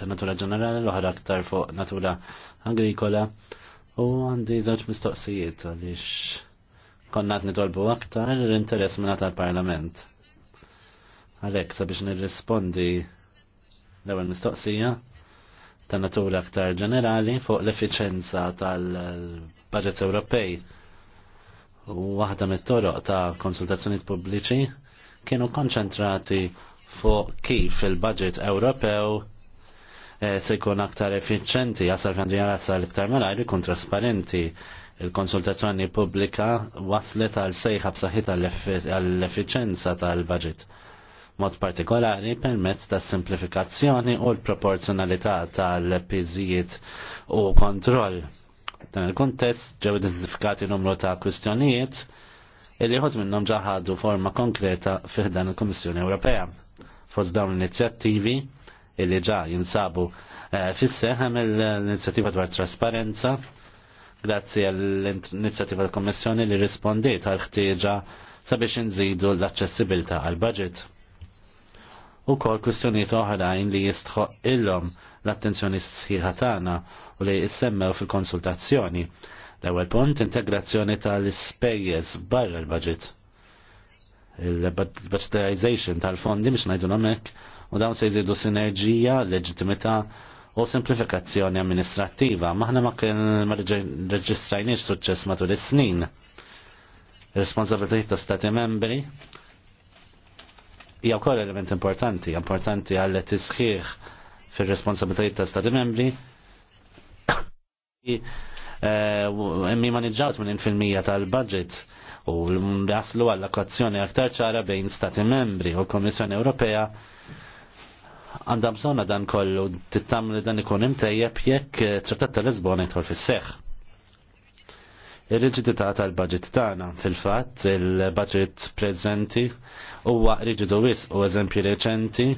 ta' natura ġenerali, l-oħra aktar fuq natura agrikola. U għandi żewġ mistoqsijiet għaliex konna qed nitolbu aktar l-interess minna tal-Parlament. Għalhekk sabiex nirrispondi l-ewwel mistoqsija ta' natura aktar ġenerali fuq l-effiċenza tal-budgets Ewropej. U waħda mit-toroq ta' konsultazzjonijiet pubbliċi kienu konċentrati fuq kif il-budget Ewropew Eh, se jkun aktar effiċenti, jasal fejn jasal iktar malajr kun trasparenti. Il-konsultazzjoni pubblika waslet għal sejħa b'saħħit għall-effiċenza tal-budget. Mod partikolari permezz ta' simplifikazzjoni u l-proporzjonalità tal-piżijiet u kontroll. Dan il-kontest ġew identifikati numru ta' kwistjonijiet illi ħod minnhom ġaħadu forma konkreta fih dan il-Kummissjoni Ewropea. Fost dawn l-inizjattivi, illi ġa jinsabu eh, fis-seħħa mill-inizjattiva dwar trasparenza grazzi għall-inizjattiva tal-Kommissjoni li rispondiet għal ħtieġa sabiex nżidu l-aċċessibilità għal budget. U kol kwistjonijiet oħrajn li jistħoq illum l-attenzjoni sħiħa tagħna u li jissemmew fil-konsultazzjoni. L-ewwel punt integrazzjoni tal-ispejjeż barra l-budget il-budgetization tal-fondi biex najdu namek u dawn se jżidu sinerġija, leġitimità u simplifikazzjoni amministrattiva. Maħna ma kien ma reġistrajniex suċċess matul is-snin. Responsabilitajiet ta' stati membri hija wkoll element importanti, importanti għal tisħiħ fir-responsabilitajiet ta' stati membri. (coughs) Eh, imma niġġawt minn fil-mija tal-budget u jaslu għall-akkazzjoni aktar ċara bejn stati membri u Komissjoni Ewropea għandam bżonna dan kollu tittam li dan ikun imtejjeb jekk eh, trattat tal-Lisbona jitħol fis-seħħ. Ir-riġidità tal-budget tagħna fil-fatt il-budget preżenti huwa riġidu wis u eżempji reċenti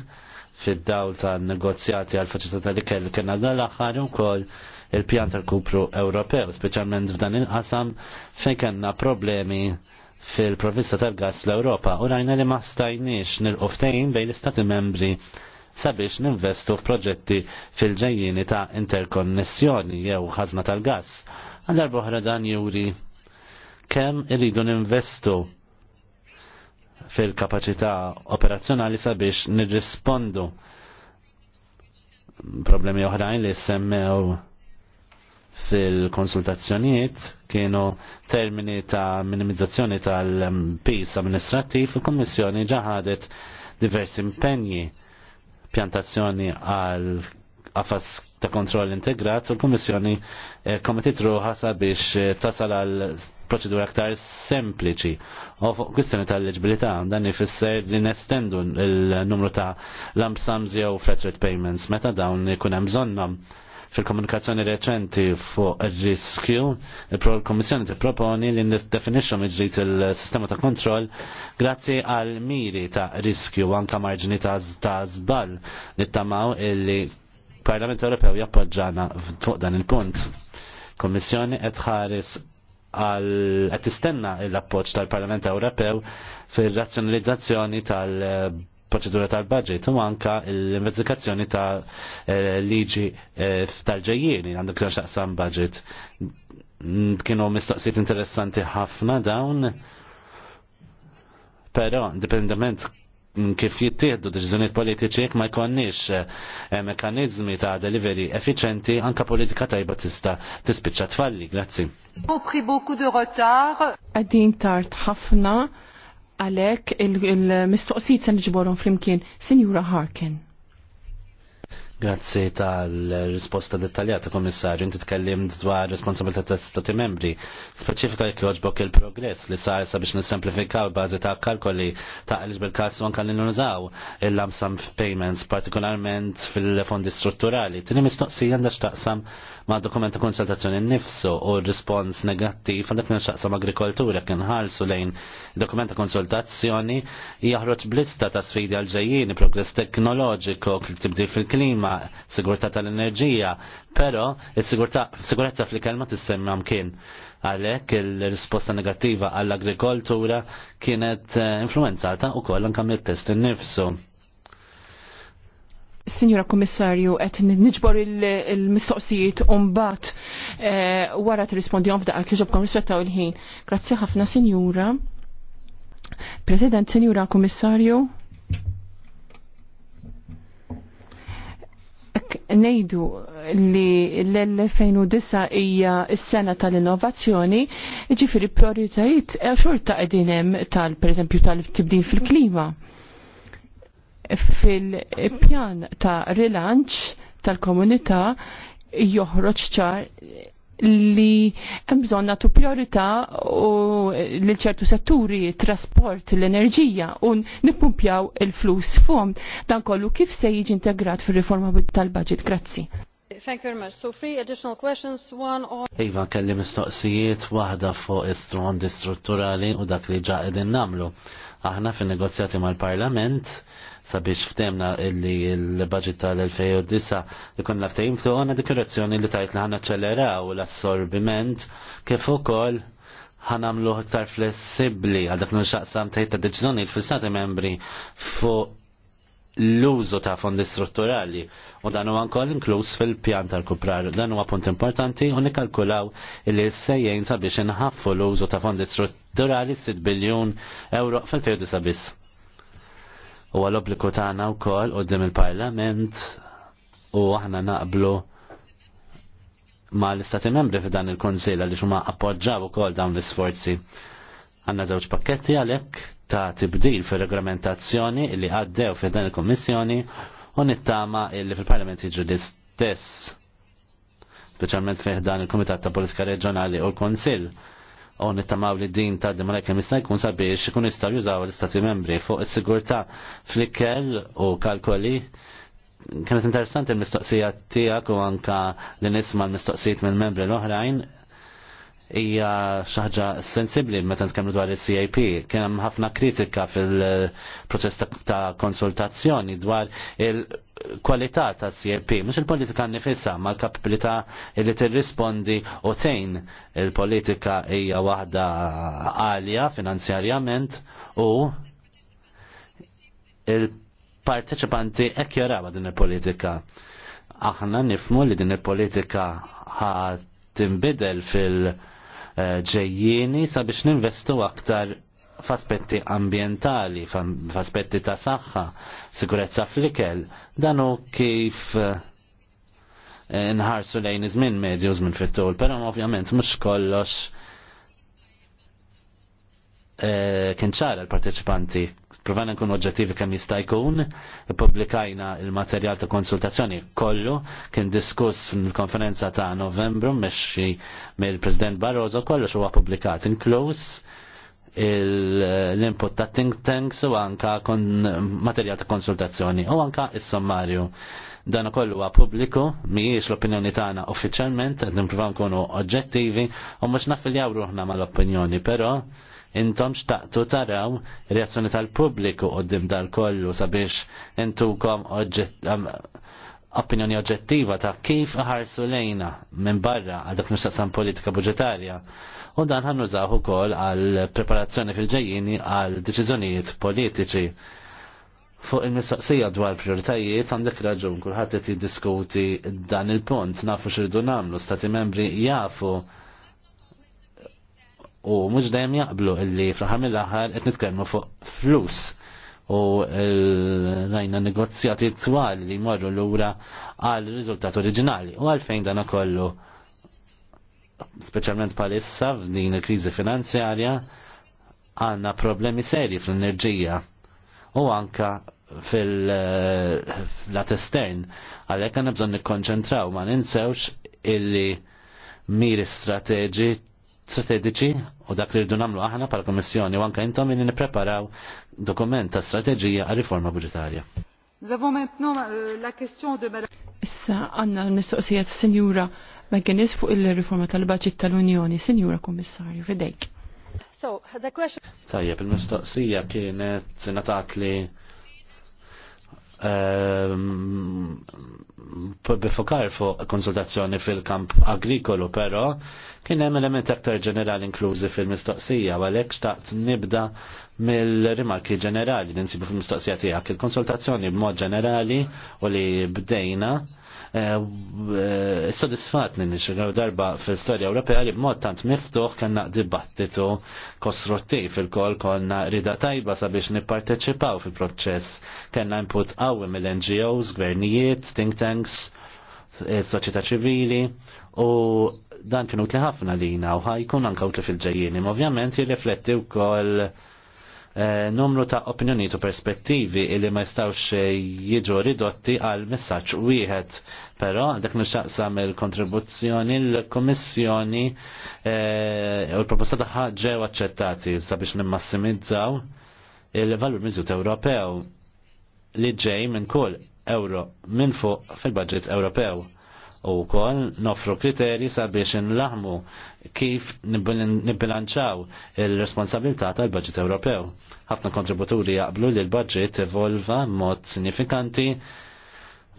fid-dawl tan negozjati għal faċilità li kell kena dal-aħħar ukoll il-pjan tal-kupru Ewropew, speċjalment f'dan il-qasam fejn kellna problemi fil-provista tal-gas l-Ewropa u rajna li ma stajniex nil-qoftejn bejn l-istati membri sabiex ninvestu f'proġetti fil-ġejjini ta' interkonnessjoni jew ħazna tal-gas. Għandar boħra dan juri kemm irridu ninvestu fil-kapacità operazzjonali sabiex nirrispondu problemi oħrajn li semmew il konsultazzjonijiet kienu termini ta' minimizzazzjoni tal-pis amministrattiv, il-Kommissjoni ġaħadet diversi impegni pjantazzjoni għal għafas ta' kontroll integrat u l-Kommissjoni eh, komitit ruħasa biex eh, tasal għal proċedura aktar sempliċi. U fuq kwistjoni tal-leġibilità dan ifisser li nestendu l-numru ta' lump sums jew flat rate payments meta dawn ikun hemm bżonnhom Fil-komunikazzjoni reċenti fuq il riskju il t tipproponi li niddefinixxu miġrid il-sistema ta' kontroll grazzi għal miri ta' riskju anka marġni ta' żball li tamaw illi Parlament Ewropew jappoġġana fuq dan il-punt. Kommissjoni qed ħares għal qed tistenna l-appoġġ tal-Parlament Ewropew fir-razzjonalizzazzjoni tal proċedura tal-budget u anka l-investigazzjoni ta' eh, liġi eh, tal-ġejjieni għandu kienu xaqsam budget. Kienu mistoqsijiet interessanti ħafna dawn, pero dipendament kif jittieħdu deċiżjonijiet politiċi jekk ma jkollniex eh, mekanizmi ta' delivery effiċenti anka politika tajba tista' tispiċċa tfalli. Grazzi. Għadin tard ħafna Għalek il-mistoqsijiet il se nġiborhom flimkien, Signora Harkin. Grazzi tal-risposta dettaljata, komissarju. Inti tkellim dwar responsabilità ta' stati membri. Speċifika jekk joġbok il-progress li sar sabiex nisemplifikaw bażi ta' kalkoli ta' għalix bil-kas u ankan nużaw il-lamsam payments, partikolarment fil-fondi strutturali. Tini mistoqsija għandax taqsam ma' dokumenta konsultazzjoni nifsu u rispons negattiv għandak nxaqsam agrikoltura kien ħalsu lejn dokumenta konsultazzjoni jaħroġ blista ta' sfidi għal-ġejjini, progress teknoloġiku, tibdil fil-klima, ma' tal-enerġija, però is-sigurezza fl kelma tissemma mkien. Għalhekk il-risposta negattiva għall-agrikoltura kienet eh, influenzata wkoll anke mit-test innifsu. Signora Komissarju, qed niġbor il-mistoqsijiet un-bat għara eh, t-rispondjom f'daqqa kħiġobkom rispettaw il-ħin. Grazzi ħafna, Signora. President, Signora Komissarju. nejdu li l-2009 hija s-sena tal-innovazzjoni, ġifiri prioritajiet eh, ta' edinem tal per tal-tibdin fil-klima. Fil-pjan ta' rilanċ tal-komunità joħroġ ċar li bżon natu priorita u l ċertu setturi, trasport, l-enerġija u nippumpjaw il-flus fuqhom. Dan kollu kif se jiġi integrat fir-riforma tal-budget? Grazzi. Thank you very much. So three additional questions, one on... Iva, kelli mistoqsijiet waħda fuq istrundi strutturali u dak li ġaqedin namlu. Aħna fin negozjati mal-parlament sabiex ftemna illi l-budget tal-2009 li konna ftajim ftu għanna li tajt li ħana ċelleraw l-assorbiment kif ukoll ħanamlu iktar flessibli għal dak nxaqsam tajt ta' deċizjoni fil-stati membri fuq l-użu ta' fondi strutturali u dan huwa wkoll inkluż fil-pjan tal-kuprar. Dan huwa punt importanti u nikkalkulaw li s sejjen sabiex inħaffu l-użu ta' fondi strutturali 6 biljun euro fil fejdu sabiex u għal-obbligu tagħna wkoll qudiem il-Parlament u aħna naqblu ma l-istati membri f'dan il-Konsil għaliex huma appoġġaw ukoll dawn l-isforzi. Għandna żewġ pakketti għalhekk ta' tibdil fir-reglamentazzjoni li għaddew fi dan il-Kommissjoni u nittama li fil-Parlament jiġu l-istess speċjalment fih dan il-Kumitat ta' Politika Reġjonali u l-Konsil u nittamaw li din ta' dimma lekem jkun sabiex kun jistaw jużaw l-istati membri fuq il-sigurta fl u kalkoli. Kienet interessanti l-mistoqsija tijak u anka li nisma l-mistoqsijiet minn membri l-oħrajn hija xaħġa sensibli meta nitkellmu dwar il-CAP. Kien hemm ħafna kritika fil-proċess ta' konsultazzjoni dwar il- kwalità ta' CFP, mhux il-politika nifissa ma' kapabilità li tirrispondi u tejn il-politika hija waħda għalja finanzjarjament u il-parteċipanti hekk jaraw din il-politika. Aħna nifmu li din il-politika ħat tinbidel fil ġejjini sabiex ninvestu aktar f'aspetti ambientali, f'aspetti ta' saħħa, sigurezza fl-ikel. Danu kif eh, nħarsu lejn iż-żmien u żmien fit-tul, però ovvjament mhux kollox eh, kien ċara l-parteċipanti. Provana nkun oġġettivi kemm jista' jkun, ippubblikajna il-materjal ta' konsultazzjoni kollu kien diskuss fil-konferenza ta' Novembru mexxi mill-President Barroso kollox huwa pubblikat inkluż l-input ta' think tanks u anka kon materjal ta' konsultazzjoni u anka il-sommarju. Dan kollu huwa pubbliku, mhijiex l-opinjoni tagħna uffiċjalment qed nippruvaw nkunu oġġettivi u mhux nafiljaw ruħna mal-opinjoni, però intom xtaqtu taraw reazzjoni tal-pubbliku qoddim dal-kollu sabiex intukom opinjoni oġġettiva ta' kif ħarsu lejna minn barra għal dak nixtaqsam politika budġetarja u dan ħannu zaħu kol għal preparazzjoni fil-ġejjini għal deċiżjonijiet politiċi. Fuq il-mistoqsija dwar prioritajiet għandek raġun kulħadd qed jiddiskuti dan il-punt nafu xirdu nagħmlu stati membri jafu u mhux dejjem jaqblu illi fl-aħħar aħħar qed nitkellmu fuq flus u rajna negozjati twal li morru l-ura għal riżultat oriġinali u għalfejn dan kollu speċjalment palissa f'din il-kriżi finanzjarja, għandna problemi seri fl-enerġija u anka fil-lat estern. Għalhekk għanna bżon nikkonċentraw ma ninsewx illi miri strateġi strateġiċi u dak li rridu nagħmlu aħna pal komissjoni u anke intom li nippreparaw dokument ta' strateġija għal riforma budgetarja. Nous avons maintenant euh, la question de Madame. Issa għanna l Signora, McGuinness fuq il-riforma tal-baċit tal-Unjoni, Sinjura Kommissarju, fidejk. So, the question... Tajjeb, il-mistoqsija kienet natat li ehm, bifokar fuq konsultazzjoni fil-kamp agrikolu, pero kien hemm element aktar ġenerali inklużi fil-mistoqsija, u għalhekk xtaqt nibda mill-rimarki ġenerali li nsibu fil-mistoqsija tiegħek. Il-konsultazzjoni b'mod ġenerali u li bdejna Eh, eh, sodisfatni nixrew darba fil-storja Ewropea li b'mod tant miftuħ kanna dibattitu kostruttiv fil kol konna rida tajba sabiex nipparteċipaw fil-proċess. Kanna input qawwi mill-NGOs, gvernijiet, think tanks, eh, soċjetà ċivili u dan kienu tli ħafna lina u ħajkun anka utli fil-ġejjini. Ovvjament jirrifletti wkoll Eh, numru ta' opinjoniet u perspettivi li ma jistawx eh, jiġu ridotti għal messaġġ wieħed. Però dak nixtaqsam il-kontribuzzjoni l-Kommissjoni eh, u l-proposta tagħha ġew aċċettati sabiex nimmassimizzaw il-valur miżjut Ewropew li ġej minn kull euro minn fuq fil-budget Ewropew u kol nofru kriteri sabiex nlaħmu kif nibbilanċaw il-responsabilità tal-budget Ewropew ħafna kontributuri jaqblu li l-budget evolva mod sinifikanti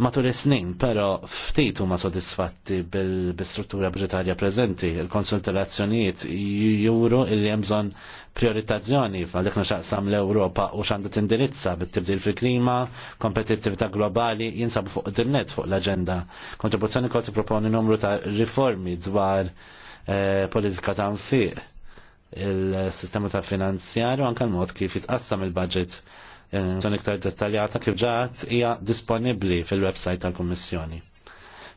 matul is-snin, però ftit huma sodisfatti bil-struttura budgetarja preżenti. il konsult tal-azzjonijiet juru illi hemm bżonn prioritazzjoni għalhekk xaqsam l-Ewropa u x'għandu tindirizza bit-tibdil fil-klima, kompetittività globali jinsabu fuq id fuq l-aġenda. Kontribuzzjoni kont proponi numru ta' riformi dwar eh, politika ta' nfiq il-sistema ta' finanzjarju anka l-mod kif jitqassam il-budget son iktar dettaljata kif ġaħat hija disponibli fil-website tal-Kommissjoni.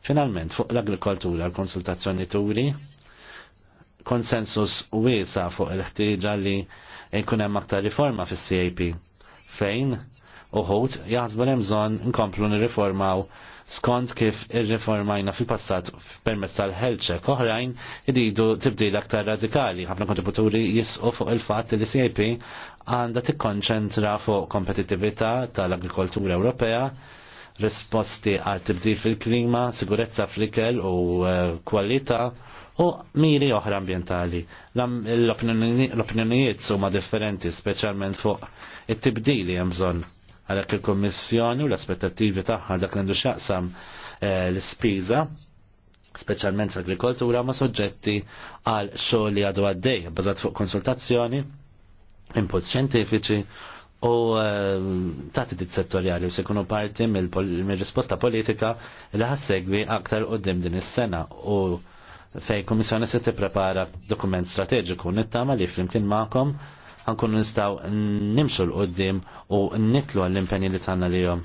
Finalment, fuq l-agrikoltura, l-konsultazzjoni turi, konsensus wiesa fuq il-ħtieġa li jkun hemm aktar riforma fis-CAP fejn uħut jaħsbu hemm bżonn nkomplu nirriformaw skont kif irriformajna fil-passat permezz tal-ħelċek oħrajn iridu tibdil aktar radikali. Ħafna kontributuri jisqu fuq il-fatt li CAP għandha tikkonċentra fuq kompetittività tal-agrikoltura Ewropea, risposti għal tibdil fil-klima, sigurezza fl-ikel u eh, kwalità u miri oħra ambientali. L-opinjonijiet huma differenti, speċjalment fuq it-tibdili hemm bżonn Għalhekk il-Kommissjoni u l-aspettativi tagħha dak l-għandu xaqsam eh, l-spiża speċjalment fl-agrikoltura ma soġġetti għal xogħol li għadu għaddej, bażat fuq konsultazzjoni, input xjentifiċi u eh, tagħti dit settorjali u se jkunu parti mill-risposta politika li ħassegwi aktar qudiem din is-sena u fej komissjoni se tipprepara dokument strateġiku nittama li flimkien ma'kom ħankunu nistaw nimxu l-qoddim u nitlu għall-impenni li tagħna li jom.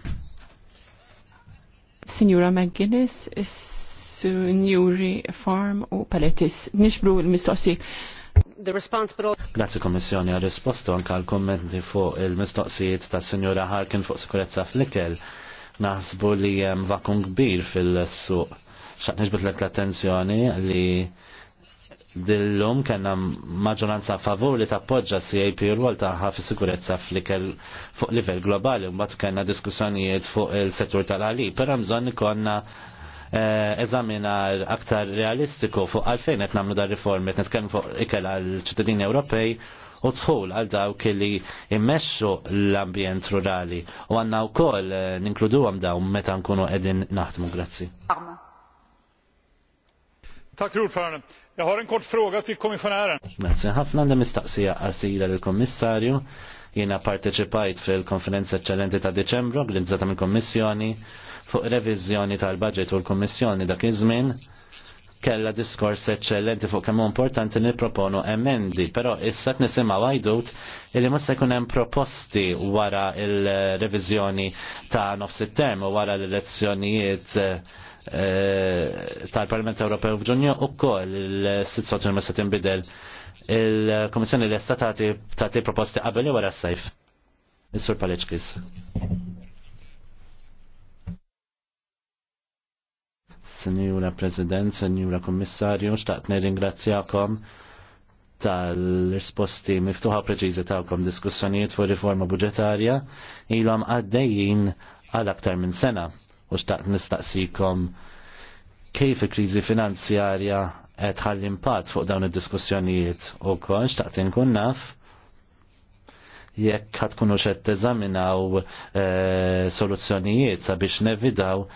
Signora McGuinness, Signori Farm u Paletis, nixbru l-mistoqsijiet. The response, but all... Grazie Kommissjoni għal risposto anka għal kommenti fuq il-mistoqsijiet ta' Signora Harkin fuq sikurezza fl-ikel. Naħsbu li jem vakum kbir fil-suq. bitlek l-attenzjoni li dillum kena maġoranza favur li tappoġġa CAP rwol taħħa fi sikurezza fuq livell globali, mbagħad kena diskussjonijiet fuq il-settur tal-għali, per bżonn konna eh, eżaminar aktar realistiku fuq għalfejn qed nagħmlu dar riformi qed nitkellmu fuq ikel għall-ċittadini Ewropej u tħul għal dawk li immexxu l-ambjent rurali u għandna wkoll eh, ninkludu għam dawn meta nkunu qegħdin naħdmu grazzi. Jag har en kort fråga till kommissionären. Grazie ħafna għandha mistaqsija qasira lill kommissarju Jiena parteċipajt fil-konferenza eċċellenti ta' Deċembru organizzata mill-Kommissjoni fuq reviżjoni tal-budget u l-Kommissjoni dak iż-żmien kella diskors eċċellenti fuq kemm importanti nipproponu emendi, però issa nisimgħu għajdut illi ma se jkun hemm proposti wara il-reviżjoni ta' nofs it-term u wara l-elezzjonijiet eh, Eh, tal-Parlament Ewropew f'Ġunju u koll il ma se tinbidel. Il-Komissjoni li sta tagħti proposti qabel jew wara s-sajf. Is-Sur Paleċkis. Senjura President, Senjura Kommissarju, xtaqt nirringrazzjakom tal-risposti miftuħa preċiżi tagħkom diskussjonijiet fuq riforma budġetarja ilhom għaddejjin għal aktar minn sena u xtaqt nistaqsikom kif il-kriżi finanzjarja qed ħalli impatt fuq dawn id-diskussjonijiet u kol xtaqt inkun naf jekk ħatkunu xed teżaminaw e, soluzzjonijiet sabiex nevidaw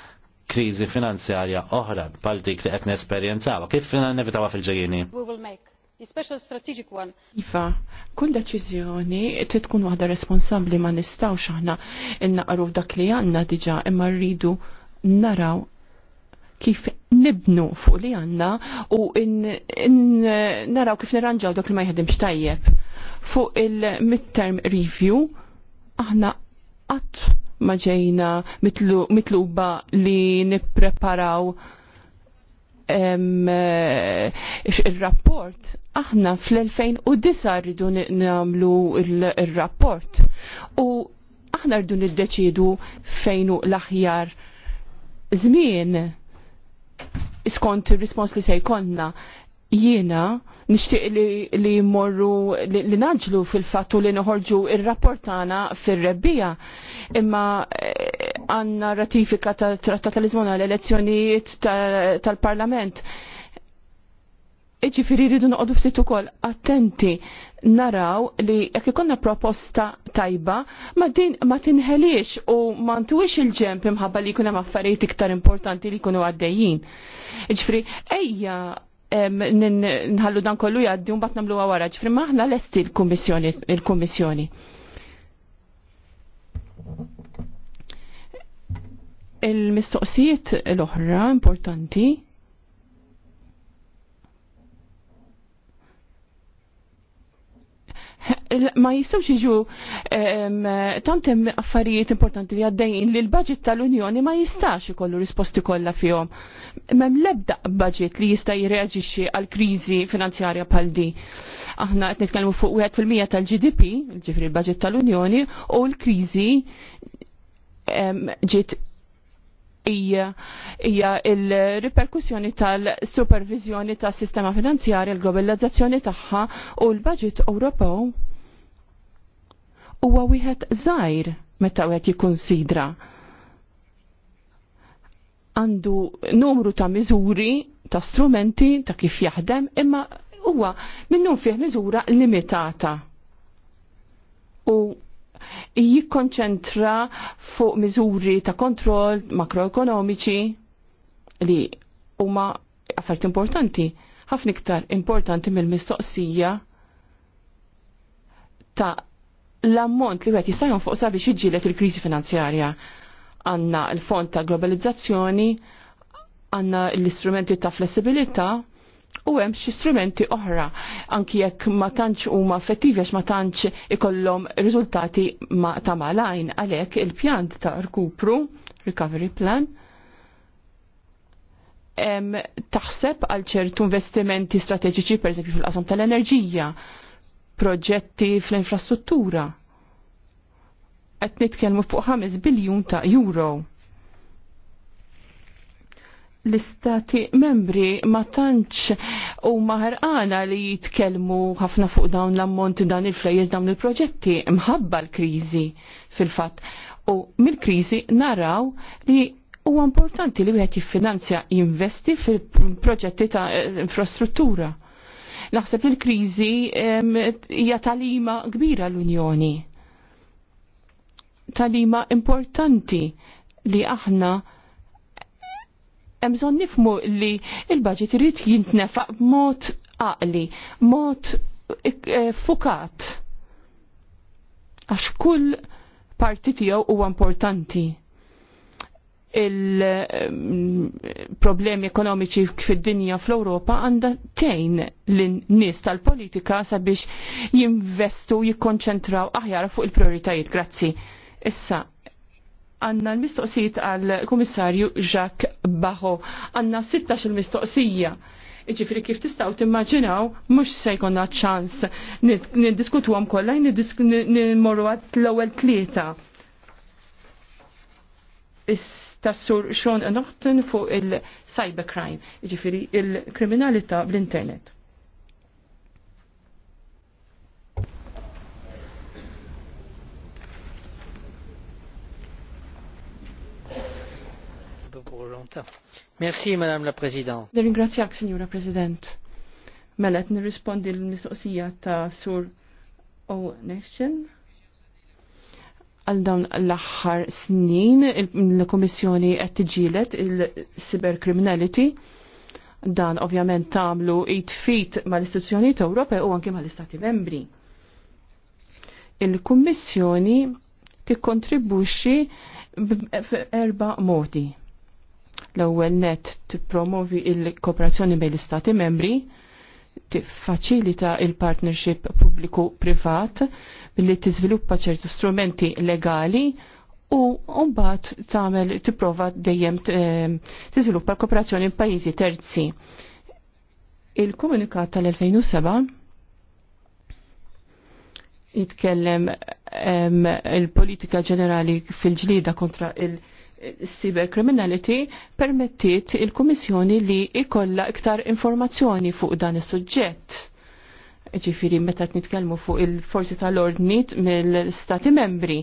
kriżi finanzjarja oħra bħal dik li qed nesperjenzaw. Kif nevitawha fil-ġejjini? Iva, kull deċiżjoni trid tkun waħda responsabbli ma nistgħux aħna innaqru dak li għandna diġà imma rridu naraw kif nibnu fuq li għanna u naraw kif nirranġaw dak li ma jħedimx tajjeb. Fuq il-midterm review, aħna qatt ma ġejna mitluba li nippreparaw Eh, il-rapport, aħna fl-2009 rridu namlu il-rapport. U aħna rridu niddeċidu fejn l-aħjar żmien skont il-respons li se jkollna jiena nixtieq li, li morru li, li naġlu fil-fattu li noħorġu ir-rapportana fir-rebbija imma eh, għanna e, ratifika ta' trattat tal-Lisbona l-elezzjonijiet tal-Parlament. Iġi Iġifieri ridu noqogħdu ftit ukoll attenti naraw li jekk ikonna proposta tajba ma din ma tinħeliex u ma ntuwix il-ġemp imħabba li jkun hemm affarijiet iktar importanti li jkunu għaddejjin. Ġifri, ejja nħallu dan kollu jaddi un bat namlu għawara ġifri maħna l-esti l kommissjoni Il-mistoqsijiet l-oħra importanti ma jistawx jiġu tant hemm affarijiet importanti li għaddejjin li l-budget tal-Unjoni ma jistax ikollu risposti kollha fihom. M'hemm l-ebda budget li jista' jirreaġixxi għal kriżi finanzjarja bħal di. Aħna qed nitkellmu fuq wieħed fil-mija tal-GDP, ġifri l-budget tal-Unjoni, u l-kriżi ġiet hija il-riperkussjoni tal-supervizjoni tas-sistema finanzjarja, l-globalizzazzjoni tagħha u l-budget Ewropew huwa wieħed żgħir meta wieħed jikkunsidra għandu numru ta' miżuri, ta' strumenti, ta' kif jaħdem, imma huwa minnum fih miżura limitata. U jikkonċentra fuq miżuri ta' kontroll makroekonomiċi li huma affarijiet importanti, ħafna iktar importanti mill-mistoqsija ta' l-ammont li għet jistajon fuq sabiex iġilet il-krizi finanzjarja. Għanna l fond ta' globalizzazzjoni, għanna l-istrumenti ta' flessibilità, u hemm xi strumenti oħra anki jekk ma tantx huma effettivi għax ma tantx ikollhom riżultati ma ta' malajn għalhekk il pjant ta' rkupru recovery plan em, taħseb għal ċertu investimenti strateġiċi pereżempju fil-qasam tal-enerġija, proġetti fl-infrastruttura. Qed nitkellmu fuq 5 biljun ta' euro l-istati membri ma tantx u maħarqana li jitkelmu ħafna fuq dawn l ammont dan il-flejjes dawn il-proġetti mħabba l-kriżi fil-fatt. U mill-kriżi naraw li u importanti li wieħed jiffinanzja jinvesti fil-proġetti ta' infrastruttura. Naħseb li l-kriżi hija talima kbira l-Unjoni. Talima importanti li aħna Emżon nifmu li il-budget irrit jintnefaq mod għaqli, mod eh, fukat. Għax kull parti tiegħu huwa importanti il-problemi ekonomiċi fid-dinja fl-Europa għanda tejn l-nies tal-politika sabiex jinvestu, jikkonċentraw aħjar fuq il-prioritajiet. Grazzi. Issa, għanna l-mistoqsijiet għal komissarju Jacques Baho. Għanna 16 mistoqsija. Iġifri kif tistaw timmaġinaw, mux se jkonna ċans nid-diskutu għam kollha, morru għad l-ewwel tlieta. Istassur Sean Norton fuq il-cybercrime, iġifiri il-kriminalità bl-internet. Nirringrazzjak, Merci, Madame la Signora President. Mela qed nirrispondi l-mistoqsija ta' Sur O'Nation. Għal dawn l-aħħar snin il-Komissjoni qed tiġielet il Criminality. dan ovvjament tagħmlu it fit mal-istituzzjonijiet Ewropej u anke mal-Istati Membri. Il-Kummissjoni tikkontribwixxi b'erba' modi L-ewwel net tippromovi l kooperazzjoni bejn l-istati membri, tiffaċilita il-partnership pubbliku privat billi tiżviluppa ċertu strumenti legali u mbagħad tagħmel tipprova dejjem ehm, tiżviluppa l-kooperazzjoni pajjiżi terzi. Il-komunikat tal-2007 jitkellem ehm, il-politika ġenerali fil-ġlida kontra il- cyber criminality permettiet il-Kummissjoni li ikolla iktar informazzjoni fuq dan is-suġġett. Ġifiri, meta nitkellmu fuq il-forzi tal-ordni mill-Stati membri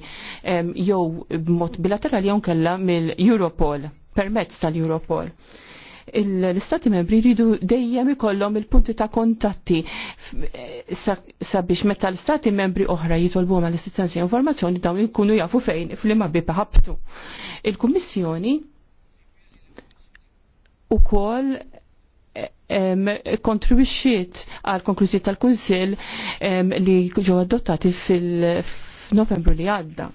jew b'mod bilaterali jew kella mill-Europol, permezz tal-Europol l-istati membri jridu dejjem ikollhom il-punti ta' kontatti sabiex meta l-istati membri oħra jitolbu l assistenza e informazzjoni dawn ikunu jafu fejn fl-imma biba ħabtu. Il-Kummissjoni ukoll kontribwixxiet għal konklużijiet tal-Kunsill li ġew adottati fil-Novembru li għadda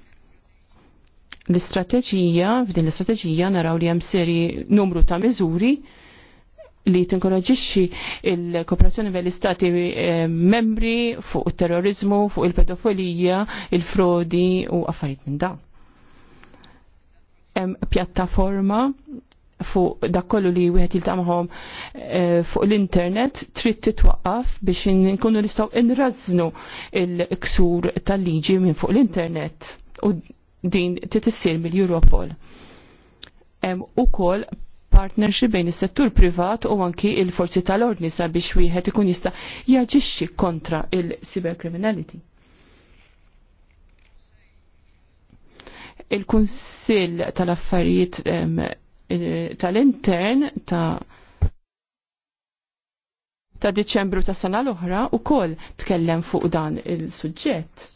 L-istrateġija, f'din l-istrateġija naraw li hemm seri numru ta' miżuri li tinkoraġixxi il-kooperazzjoni bejn l-istati eh, membri fuq terrorizmu, fuq il-pedofilija, il-frodi u affarijiet minn dan. Hemm pjattaforma fuq dak kollu li wieħed jiltaqmahom eh, fuq l-internet trid titwaqqaf biex nkunu nistgħu nrażnu il-ksur tal-liġi minn fuq l-internet din titissir mill-Europol. Hemm ukoll partnership bejn is-settur privat u anki il-forzi tal-ordni sabiex wieħed ikun jista' jaġixxi kontra il-cyberkriminality. Il-Kunsill tal-Affarijiet tal-intern ta' ta' Diċembru ta' sena l-oħra u koll tkellem fuq dan il-suġġett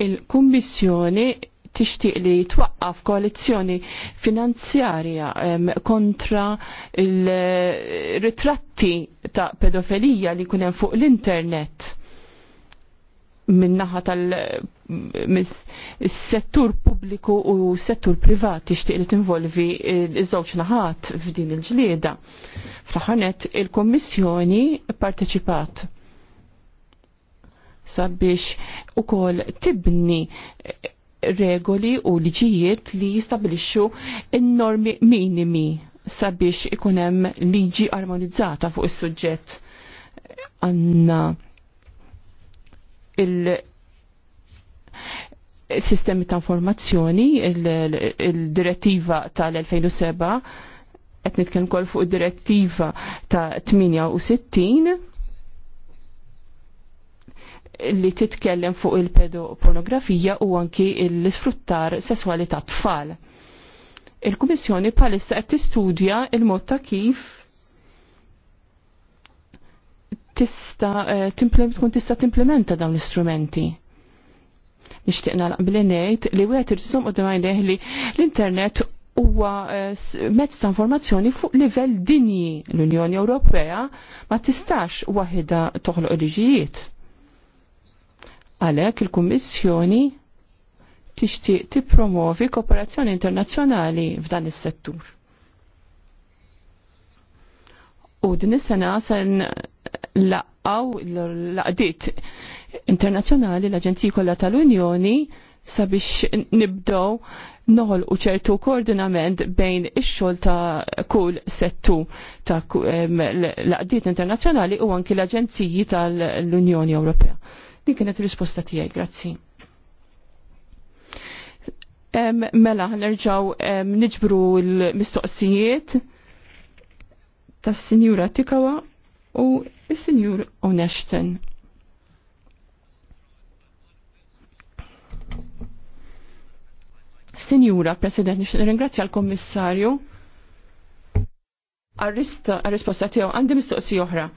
il-Kummissjoni tixtieq li twaqqaf koalizzjoni finanzjarja kontra il-ritratti ta' pedofilija li kunem fuq l-internet minnaħa tal-settur pubbliku u settur privat tixtieq li tinvolvi iż-żewġ naħat f'din il-ġlieda. Fl-aħħar il-Kommissjoni parteċipat sabiex ukoll tibni regoli u liġijiet li jistabilixxu n-normi minimi sabiex ikunem liġi armonizzata fuq is-suġġett għanna il- sistemi ta' informazzjoni, il-direttiva il direttiva tal 2007 qed nitkellem kol fuq id direttiva ta' 68, li titkellem fuq il-pedopornografija u anki l-isfruttar sesswali ta' tfal. Il-Kummissjoni palissa qed tistudja il-mod ta' kif tista' eh, tkun tista' timplementa dawn l-istrumenti. Nixtieqna naqbli ngħid li wieħed irid isom qudiem li l-internet huwa eh, mezz ta' informazzjoni fuq livell dinji l-Unjoni Ewropea ma tistax waħda toħloq liġijiet Għalhekk il-Kummissjoni tixtieq tippromovi kooperazzjoni internazzjonali f'dan is-settur. U din is-sena se laqgħu l-laqdiet internazzjonali l-Aġenziji kollha tal-Unjoni sabiex nibdow noħol u ċertu koordinament bejn ix-xogħol ta' kull settu ta' l-qdiet internazzjonali u anki l-Aġenziji tal-Unjoni Ewropea. Dik kienet risposta tiegħi, grazzi. Mela, nerġaw niġbru l-mistoqsijiet tas sinjura Tikawa u s-Sinjur Oneshten. Sinjura President, ringrazzja l-Kommissarju għal-risposta tiegħu għandi mistoqsija oħra.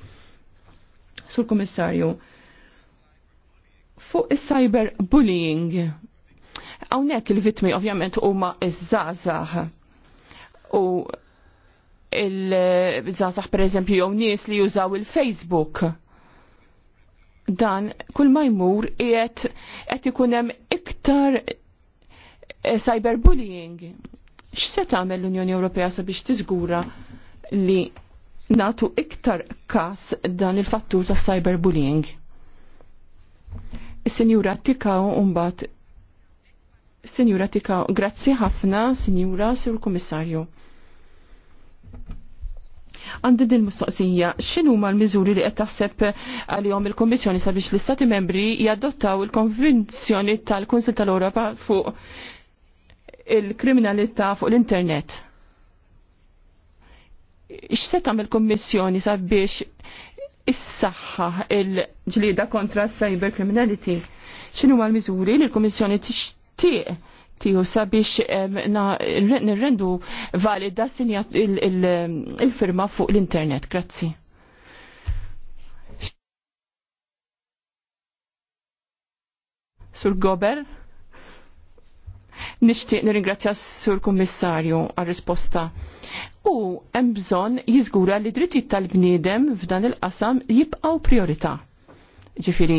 Sur Kommissarju, fuq is-cyber bullying. Hawnhekk il-vitmi ovvjament huma iż-żgħażagħ u il-żgħażagħ pereżempju jew nies li jużaw il-Facebook dan kull ma jmur qiegħed qed ikun hemm iktar eh, cyberbullying. X'se tagħmel l-Unjoni Ewropea sabiex tiżgura li natu iktar kas dan il-fattur ta' cyberbullying? Sinjura Tikaw umbat. Sinjura Tikaw, grazzi ħafna, Sinjura, Sur Komissarju. Għandi din mistoqsija, xinu ma l-miżuri li qed taħseb għalihom il-Kommissjoni sabiex l-Istati Membri jadottaw il-Konvenzjoni tal-Kunsil tal-Ewropa fuq il-kriminalità fuq l-internet. X'se tagħmel Kommissjoni sabiex is-saħħa il-ġlieda kontra cyber criminality. X'inhu l-miżuri li l-Kummissjoni tixtieq tiegħu sabiex nirrendu valida il-firma fuq l-internet. Grazzi. Sur Gober? Nixtieq nirringrazzja sur kummissarju għal risposta. U hemm bżonn jiżgura li drittijiet tal-bniedem f'dan il-qasam jibqgħu priorità. Ġifieri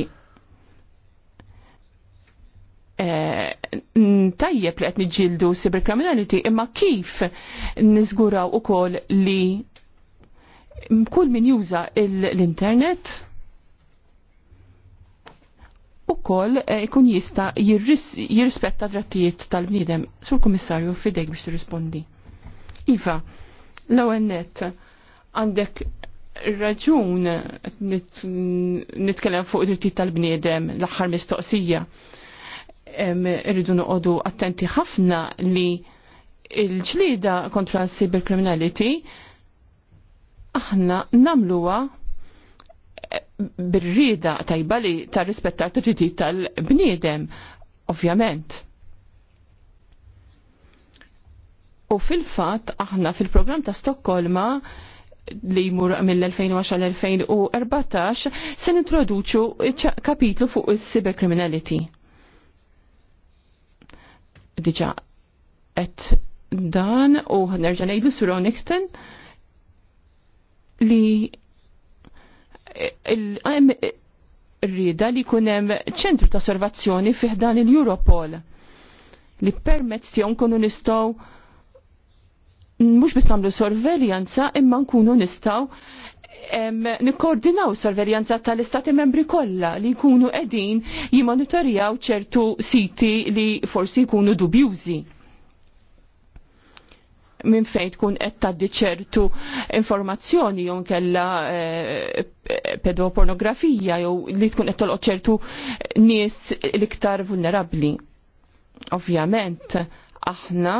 eh, tajjeb li qed niġġieldu cyberkriminality imma kif niżguraw ukoll li kull min juża l-internet u kol eh, ikun jista jirrispetta drattijiet tal-bnidem. Sur komissarju fidejk biex tirrispondi. Iva, l-għennet, għandek raġun nitkellem fuq drittijiet tal-bniedem l-axħar mistoqsija. Irridu noqogħdu attenti ħafna li il-ġlida kontra cyberkriminality aħna namluwa bir-rida tajba li ta' rispettat t tal-bniedem, ovvjament. U fil-fat, aħna fil-program ta' Stokkolma li jmur mill-2010 l-2014 se nintroduċu kapitlu fuq is siber criminality. Diġa, et dan u nerġa' ngħidu sur Onikten li rrida li kunem ċentru ta' osservazzjoni fiħdan il-Europol li permetz tiegħu nkunu nistgħu mhux biss nagħmlu sorveljanza imma nkunu nistgħu nikkoordinaw sorveljanza tal-istati membri kollha li jkunu qegħdin jimmonitorjaw ċertu siti li forsi jkunu dubjużi minn fejn tkun qed taddi ċertu informazzjoni jew kella eh, pedopornografija jew li tkun qed tolqod ċertu nies l-iktar vulnerabbli. Ovvjament aħna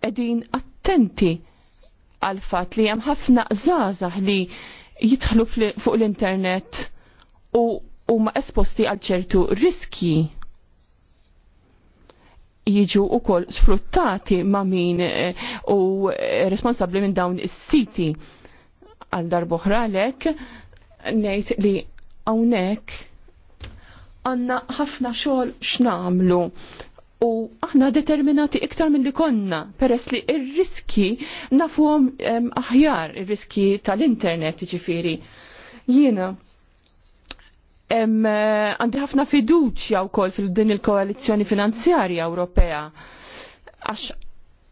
qegħdin attenti għal fatt li hemm ħafna żgħażagħ li jidħlu fuq l-internet u huma esposti għal ċertu riski jiġu kol sfruttati ma' min eh, u eh, responsabbli minn dawn is-siti għal darboħra lek ngħid li hawnhekk għandna ħafna xogħol x'namlu u aħna determinati iktar minn li konna, peress li ir-riski nafuhom ehm, aħjar, ir-riski tal-internet ġifiri. Jiena, Eh, għandi ħafna fiduċja wkoll fil-din il koalizjoni finanzjarja Ewropea. Għax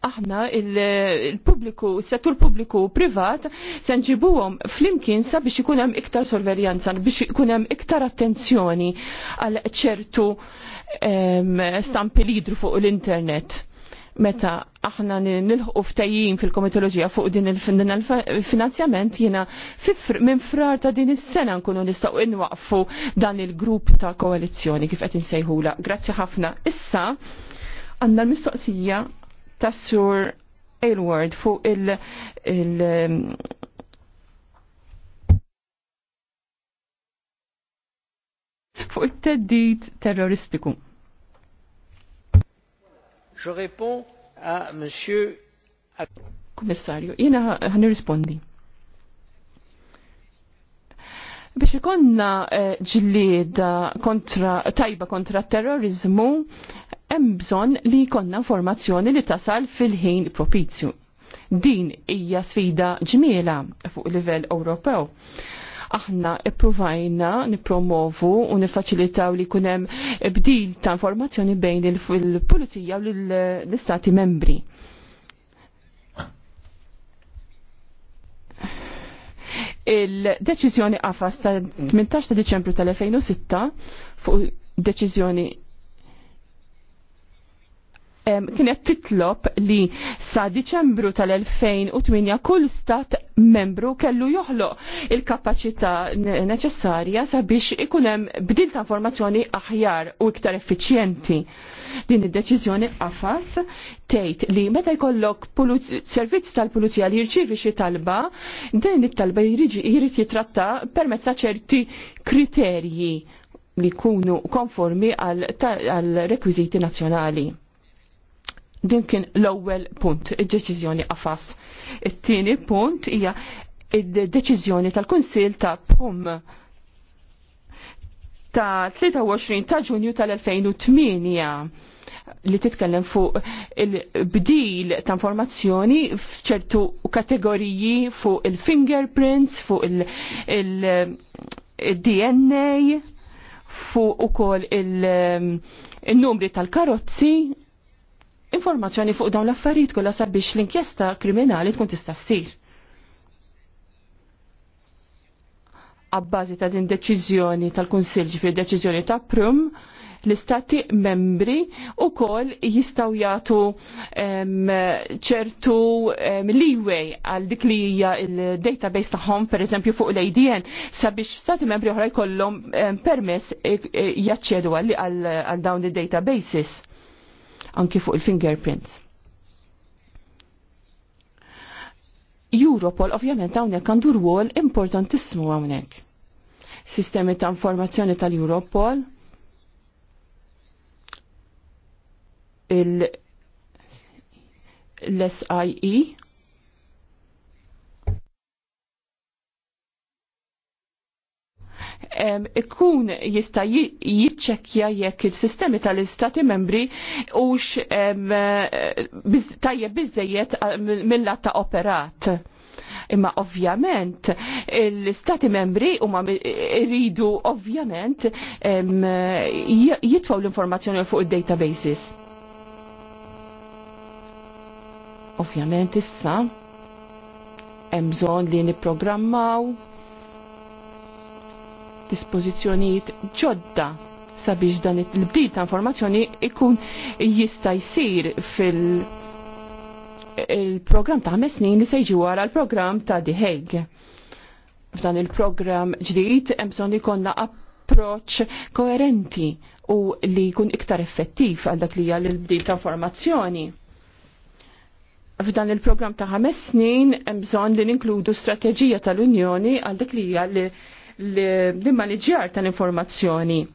aħna il eh, il settur pubbliku privat se nġibuhom flimkien sa biex ikun hemm iktar sorverjanza, biex ikun hemm iktar attenzjoni għal ċertu stampi lidru fuq l-internet meta aħna nilħu ftajjim fil-komitoloġija fuq din il-finanzjament jina minn frar ta' din is-sena nkunu nistgħu inwaqfu dan il-grupp ta' koalizzjoni kif qed insejħula. Grazzi ħafna. Issa għandna l-mistoqsija ta' Sur Aylward fuq il-, il fuq it-teddid terroristiku. Je réponds à monsieur Commissario, jina ħan rispondi. Biex ikonna eh, ġlieda kontra, tajba kontra terrorizmu, hemm bżonn li jkollna informazzjoni li tasal fil-ħin propizju. Din hija sfida ġmiela fuq livell Ewropew Aħna ippruvajna nipromovu u nifaċilitaw li kunem bdil ta' informazzjoni bejn il-pulizija u l-istati membri. Il-deċizjoni għafas ta' 18 ta' Deċembru tal-2006 fuq deċizjoni kienet titlob li sa Diċembru tal-2008 kull stat membru kellu joħloq il-kapacità neċessarja sabiex ikun hemm bdil ta' informazzjoni aħjar u iktar effiċjenti. Din id-deċiżjoni qafas tgħid li meta jkollok servizz tal-pulizija li jirċivi xi talba, din it-talba jrid jitratta permezz ta' ċerti kriterji li jkunu konformi għal rekwiziti nazzjonali. Din kien l-ewwel punt, id-deċiżjoni qafas. It-tieni punt hija id-deċiżjoni tal-Kunsil ta' POM ta' 23 ta' ġunju tal-2008 li titkellem fuq il-bdil ta' informazzjoni f'ċertu kategoriji fuq il-fingerprints, fuq il-DNA, fuq ukoll il-numri tal-karozzi informazzjoni fuq dawn l-affarijiet kollha sabiex l-inkjesta kriminali tkun tista' ssir. Abbażi ta' din deċiżjoni tal-Kunsill ġifier deċiżjoni ta' Prum, l-istati membri u kol jistaw jatu ċertu leeway għal dik li hija il-database tagħhom pereżempju fuq l-ADN sabiex stati membri oħra jkollhom permess e, e, jaċċedu għal dawn id-databases anki fuq il-fingerprints. Europol ovvjament hawnhekk għandu rwol importantissimu hawnhekk. Sistemi ta' informazzjoni tal-Europol il l-SIE ikun jista jiċċekkja jekk il-sistemi tal-istati membri ux tajjeb bizzejiet mill-lat ta' operat. Imma ovvjament l-istati membri huma rridu ovvjament jitfaw l-informazzjoni fuq il-databases. Ovvjament issa hemm bżonn li nipprogrammaw dispożizzjonijiet ġodda sabiex dan il-bdil ta' informazzjoni ikun jista' jsir fil- il-program ta' ħames snin li se jiġi wara l-program ta' The Hague. F'dan il-program ġdid hemm bżonn ikollna approċċ koerenti u li jkun iktar effettiv għal dak li hija l-bdil ta' informazzjoni. F'dan il-program ta' ħames snin hemm bżonn li ninkludu strateġija tal-Unjoni għal dak li hija l l-ġjar tal-informazzjoni.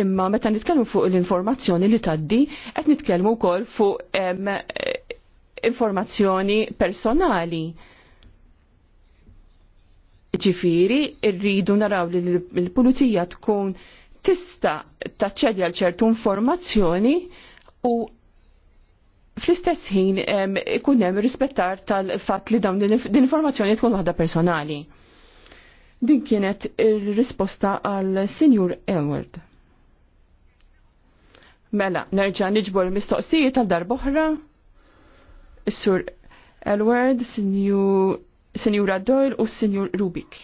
Imma meta nitkellmu fuq l-informazzjoni li taddi, qed nitkellmu wkoll fuq informazzjoni personali. Ġifiri, rridu naraw li l-pulizija tkun tista taċċedja għal ċertu informazzjoni u fl-istess ħin ikun hemm rispettar tal-fatt li dawn din informazzjoni tkun waħda personali. Din kienet il-risposta għal Sinjur Elward. Mela, nerġa niġbor mistoqsijiet tal darba oħra. Is-sur Elward, Sinjura Doyle u Sinjur Rubik.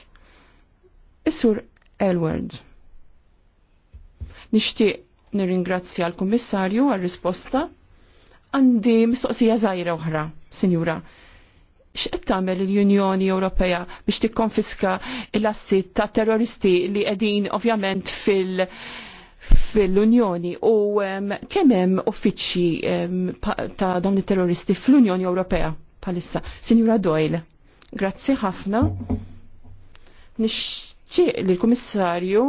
Is-sur Elward. Nixtieq nirringrazzja l-Kummissarju għal-risposta. Għandi mistoqsija żgħira oħra, Sinjura x'qed tagħmel l-Unjoni Ewropea biex tikkonfiska l assit ta' terroristi li qegħdin ovvjament fil- fil-Unjoni u um, kemm hemm uffiċċji um, ta' dawn it-terroristi fl-Unjoni Ewropea palissa. Sinjura Doyle, grazzi ħafna. Nixtieq li l-Kummissarju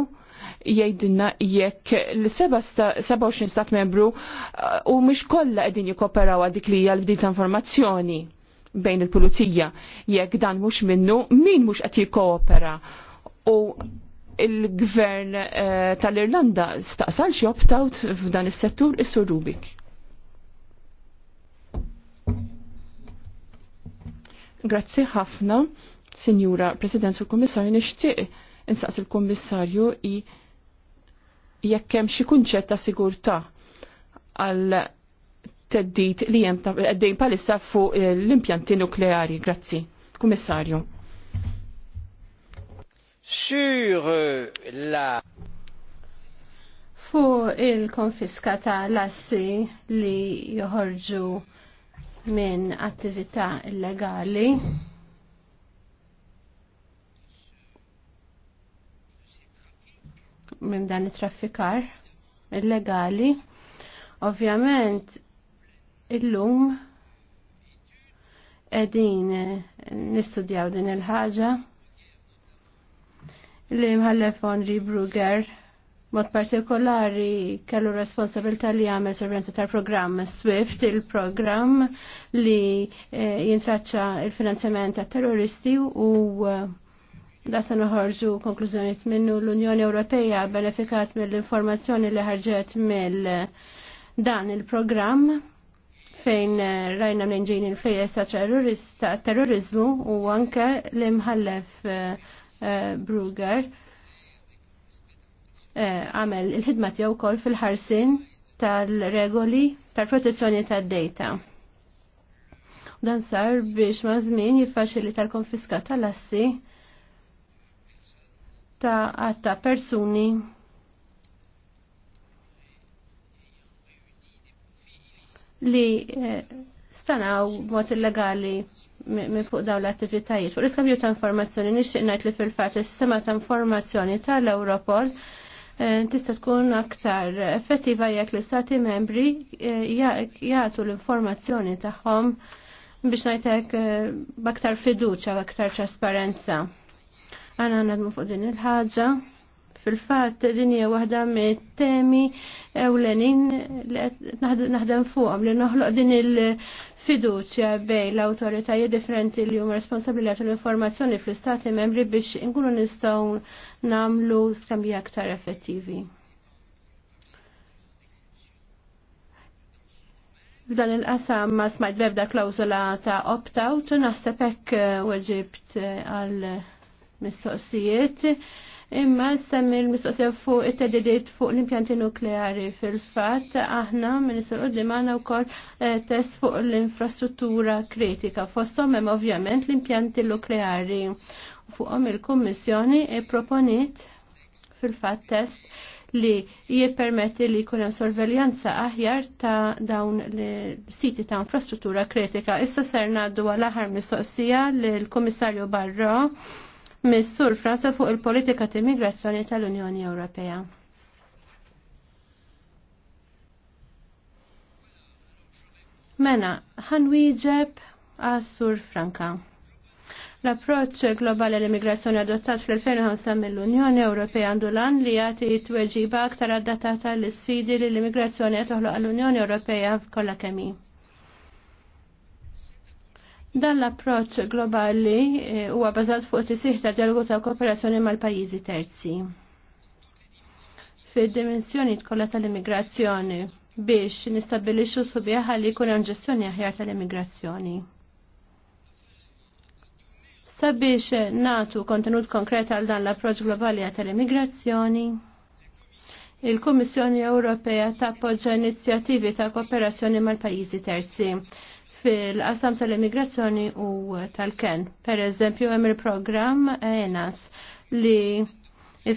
jgħidilna jekk l-27 stat membru uh, u mhux kollha qegħdin jikkoperaw għal dik li hija l bdiet ta' informazzjoni bejn il-pulizija. Jekk dan mhux minnu, min mhux qed jikkoopera. U il-gvern eh, tal-Irlanda staqsal xi opt-out f'dan is-settur is-Sur Rubik. Grazzi ħafna, Sinjura President u Kummissarju nixtieq insaqs il-Kummissarju i jekk hemm xi kunċett ta' sigurtà għal teddit li jem għaddejn palissa fuq eh, l-impjanti nukleari. Grazzi. Kummissarju. Sur eh, la fu il-konfiska ta' lassi li joħorġu minn attività illegali. Minn dan it-traffikar illegali. Ovvjament Illum edin nistudjaw din il-ħaġa li mħallef Henri Bruger mod partikolari kellu responsabilta li għamel sorvenza tal-programm SWIFT, il-programm li eh, jintraċċa il-finanzjament ta' terroristi u eh, da se noħorġu konklużjoniet minnu l-Unjoni Ewropea benefikat mill-informazzjoni li ħarġet mill dan il-programm fejn eh, rajna minn ġejn il-fejjes ta' terrorizmu u anke l-imħallef eh, eh, Bruger għamel il ħidmat jew kol fil-ħarsin tal-regoli tal-protezzjoni tad-data. Dan sar biex ma' żmien jiffaċili tal-konfiska tal-assi ta' għatta persuni li eh, stanaw mod illegali minn fuq dawn l-attivitajiet. Fuq l-iskambju ta' informazzjoni, nixtieq ngħid li fil-fatt is-sistema ta' informazzjoni tal-Europol eh, tista' tkun aktar effettiva jekk l-istati membri eh, jagħtu l-informazzjoni tagħhom biex ngħidlek b'aktar fiduċja, b'aktar trasparenza. Għana nadmu fuq din il-ħaġa. Fil-fatt din hija waħda mit-temi ewlenin li naħdem fuqhom li noħloq din il-fiduċja bejn l-awtoritajiet differenti li huma responsabbli għal l-informazzjoni fl-istati membri biex inkunu nistgħu nagħmlu skambi aktar effettivi. B'dan il-qasam ma smajt bebda klawzula ta' opt-out, naħseb hekk weġibt għal mistoqsijiet. Imma semmi l-mistoqsija fuq it-tedidiet fuq l-impjanti nukleari fil-fat, aħna u d-dimana u kol test fuq l-infrastruttura kritika. Fostom hemm ovvjament l-impjanti nukleari. Fuqhom il-Kummissjoni e proponit fil-fat test li jippermetti li jkun hemm sorveljanza aħjar ta' dawn l-siti ta' infrastruttura kritika. Issa ser ngħaddu għal aħħar mistoqsija lill-Kummissarju Barro Missur sur Franza fuq il-politika ta' immigrazzjoni tal-Unjoni Ewropea. Mena, ħan wieġeb għas-sur Franka. L-approċċ globali l-immigrazzjoni adottat fl-2005 mill-Unjoni Ewropea għandu lan li jagħti tweġiba aktar addatata l-isfidi li l-immigrazzjoni qed toħloq għall-Unjoni Ewropea kollha kemm Dan l-approċ globali eh, huwa bażat fuq tisih ta' dialogu ta' kooperazzjoni mal-pajjiżi terzi. Fid-dimensjoni tkollha tal-immigrazzjoni biex nistabilixxu subjeħa li jkun hemm ġestjoni aħjar tal-immigrazzjoni. Sabiex natu kontenut konkret għal dan l-approċ globali tal-immigrazzjoni, il-Kummissjoni Ewropea tappoġġa inizjattivi ta' kooperazzjoni mal-pajjiżi terzi fil-qasam tal-immigrazzjoni u tal-ken. Per eżempju, hemm il-programm ENAS li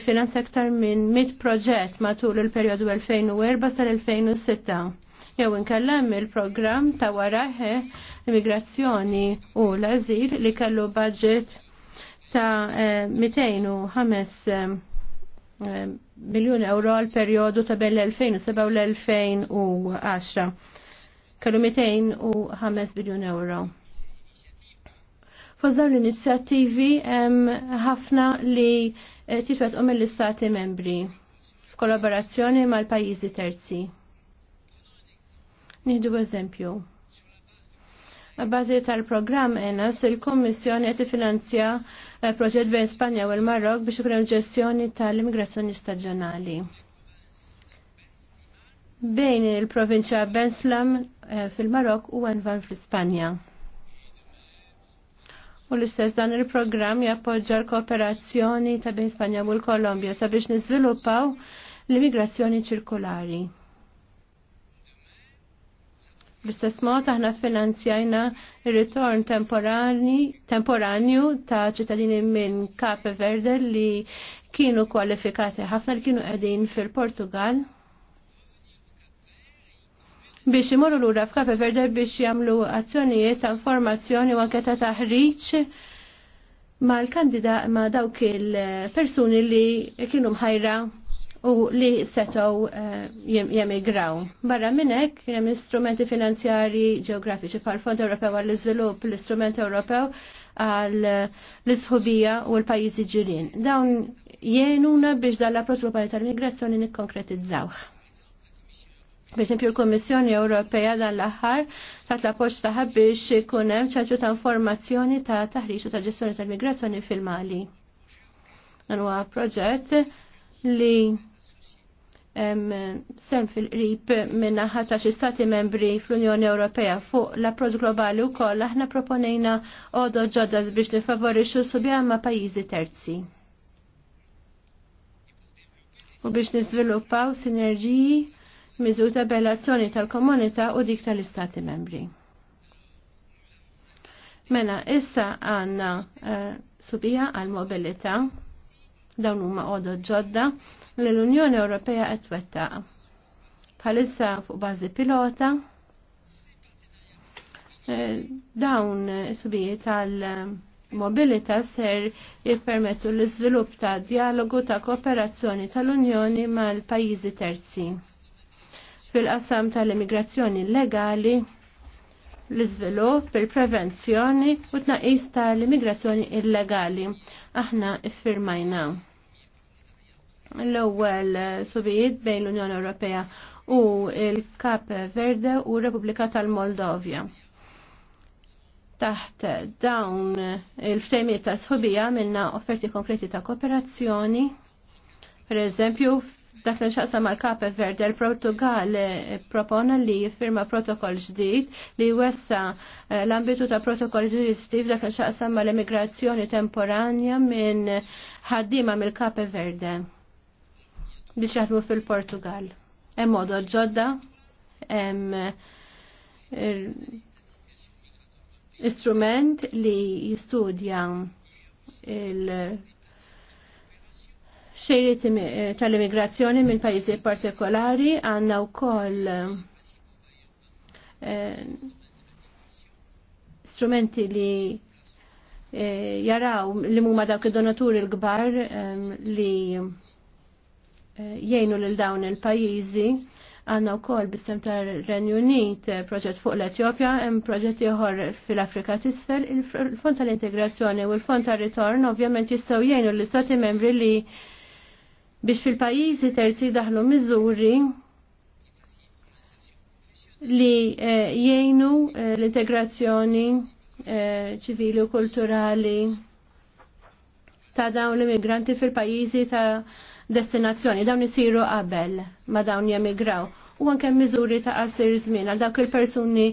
finanza aktar minn 100 proġett matul il-perjodu 2004 sal-2006. Jew inkellem il-programm ta' waraħe immigrazzjoni u l-azil li kellu budget ta' 205 e, e, e, miljoni euro għal periodu ta' bell 2007 u l-2010 kellu 205 biljun euro. Fost dawn l-inizjattivi ħafna li eh, titwet u mill-istati membri f'kollaborazzjoni mal-pajjiżi terzi. Nieħdu eżempju. Bażi tal-programm ENAS, il-Kommissjoni qed finanzja eh, proġett bejn Spanja u l-Marok biex ikun ġestjoni tal-immigrazzjoni staġjonali. Bejn il-provinċja Benslam Eh, fil-Marok u għanvan fl-Ispanja. U l-istess dan il-programm jappoġġa l-kooperazzjoni ta' bejn Spanja u l-Kolombja sabiex niżviluppaw l-immigrazzjoni ċirkolari. l istess mod aħna finanzjajna ir-ritorn temporanju ta' ċittadini minn Cape Verde li kienu kwalifikati ħafna li kienu qegħdin fil-Portugal biex imorru lura f'Kape Verde biex jagħmlu azzjonijiet ta' informazzjoni u anke ta' taħriġ ma' l-kandida ma' dawk il-persuni li kienu mħajra u li setaw eh, jemigraw. Barra minnek jem istrumenti finanzjari Geografiċi bħal Fond Ewropew għall-Iżvilupp, l-Istrument Ewropew għal l-isħubija u l-pajjiżi ġirin. Dawn jenuna biex dal approċ globali tal-migrazzjoni nikkonkretizzawh. Per esempio l-Kommissjoni Ewropea dan l-aħħar tat la poċtaħa biex ikun hemm ċaċu ta' informazzjoni ta' taħriġ u ta' ġestjoni tal-migrazzjoni fil-Mali. Dan huwa proġett li sem fil-qrib minna ta' xi stati membri fl-Unjoni Ewropea fuq l approċċ globali wkoll aħna proponejna għodu ġodda biex nifavorixxu subja ma' pajjiżi terzi. U biex niżviluppaw sinerġiji miżur ta' bellazzjoni tal-komunità u dik tal-istati membri. Mela, issa għanna uh, subija għal-mobilità dawn huma għodod ġodda li l-Unjoni Ewropea qed wettaq. Bħalissa fuq bażi pilota eh, dawn subija tal-mobilità ser jippermettu l-iżvilupp ta' dialogu ta' kooperazzjoni tal-Unjoni mal-pajjiżi terzi fil-qasam tal-immigrazzjoni legali, l-iżvilupp, il-prevenzjoni u tnaqis tal-immigrazzjoni illegali. Aħna iffirmajna l-ewwel subijiet bejn l-Unjoni Ewropea u l-Kap Verde u Repubblika tal-Moldovja. Taħt dawn il-ftejmiet ta' sħubija minna offerti konkreti ta' kooperazzjoni, per eżempju dak li ma' mal Kape Verde, il-Portugal eh, propona li jiffirma protokoll ġdid li wessa eh, l-ambitu ta' protokoll ġuristi dak li ma' mal immigrazzjoni temporanja minn ħaddima mill Kape Verde biex jaħdmu fil-Portugal. Hemm ġodda, hemm eh, istrument li jistudja il- xejrit eh, tal-immigrazzjoni minn pajjiżi partikolari għandna wkoll eh, strumenti li eh, jaraw li huma dawk id-donaturi l-kbar ehm, li jgħinu lil dawn il-pajjiżi għanna u kol bistem ta' Renju Unit proġett fuq l-Etjopja, hemm proġett ieħor fil-Afrika tisfel, il-Fond tal-Integrazzjoni u l-Fond tal-Ritorn ovvjament jistgħu jgħinu l-istati membri li biex fil-pajjiżi terzi daħlu miżuri li eh, jgħinu eh, l-integrazzjoni eh, ċivili u kulturali ta' dawn l-immigranti fil-pajjiżi ta' destinazzjoni, dawn isiru qabel ma dawn jemigraw. U anke miżuri ta' qasir żmien għal dawk il-persuni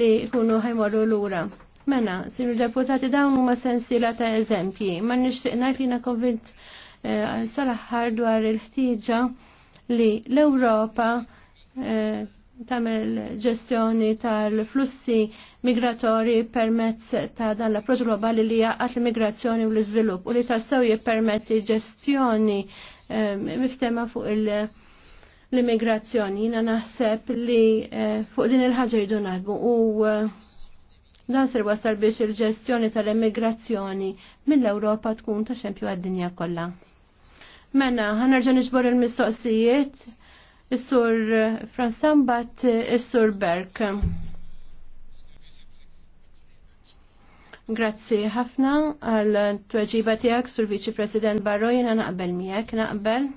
li jkunu ħajmorru lura. Mena, sinu deputati dawn huma sensi ta' eżempji, ma nixtieq ngħid li konvint Eh, sal-aħħar dwar il-ħtieġa li l-Ewropa eh, tagħmel ġestjoni tal-flussi migratori permezz ta' dan l-approċ globali li jaqgħat l-migrazzjoni u l-iżvilupp u li tassew jippermetti ġestjoni eh, miftema fuq l-immigrazzjoni. Jina naħseb li fuq din il-ħagġa jridu u Dan ser wasal biex il-ġestjoni tal-immigrazzjoni mill-Ewropa tkun ta' xempju għad-dinja kollha. Mena, ħanerġa' nixbor il-mistoqsijiet is-sur Fransambat is-sur Berk. Grazzi ħafna għal tweġiba tiegħek sur Viċi President Barro jiena naqbel miegħek naqbel.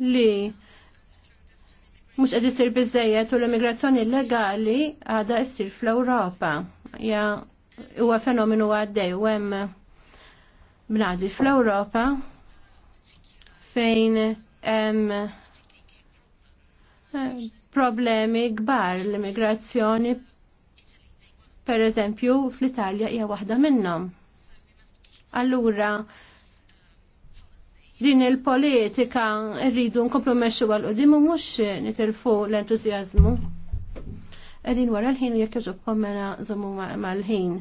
li mhux qed isir biżejjed u l-immigrazzjoni illegali għadha ssir fl-Ewropa. Ja huwa fenomenu għaddej u għem bnadi fl-Ewropa fejn hemm eh, problemi kbar l-immigrazzjoni per eżempju fl-Italja hija waħda minnhom. Allura din il-politika rridu nkomplu meċu għal-qoddim u mux nitilfu l-entuzjazmu. Edin wara l-ħin u jekk ġobkom mela zomu mal-ħin.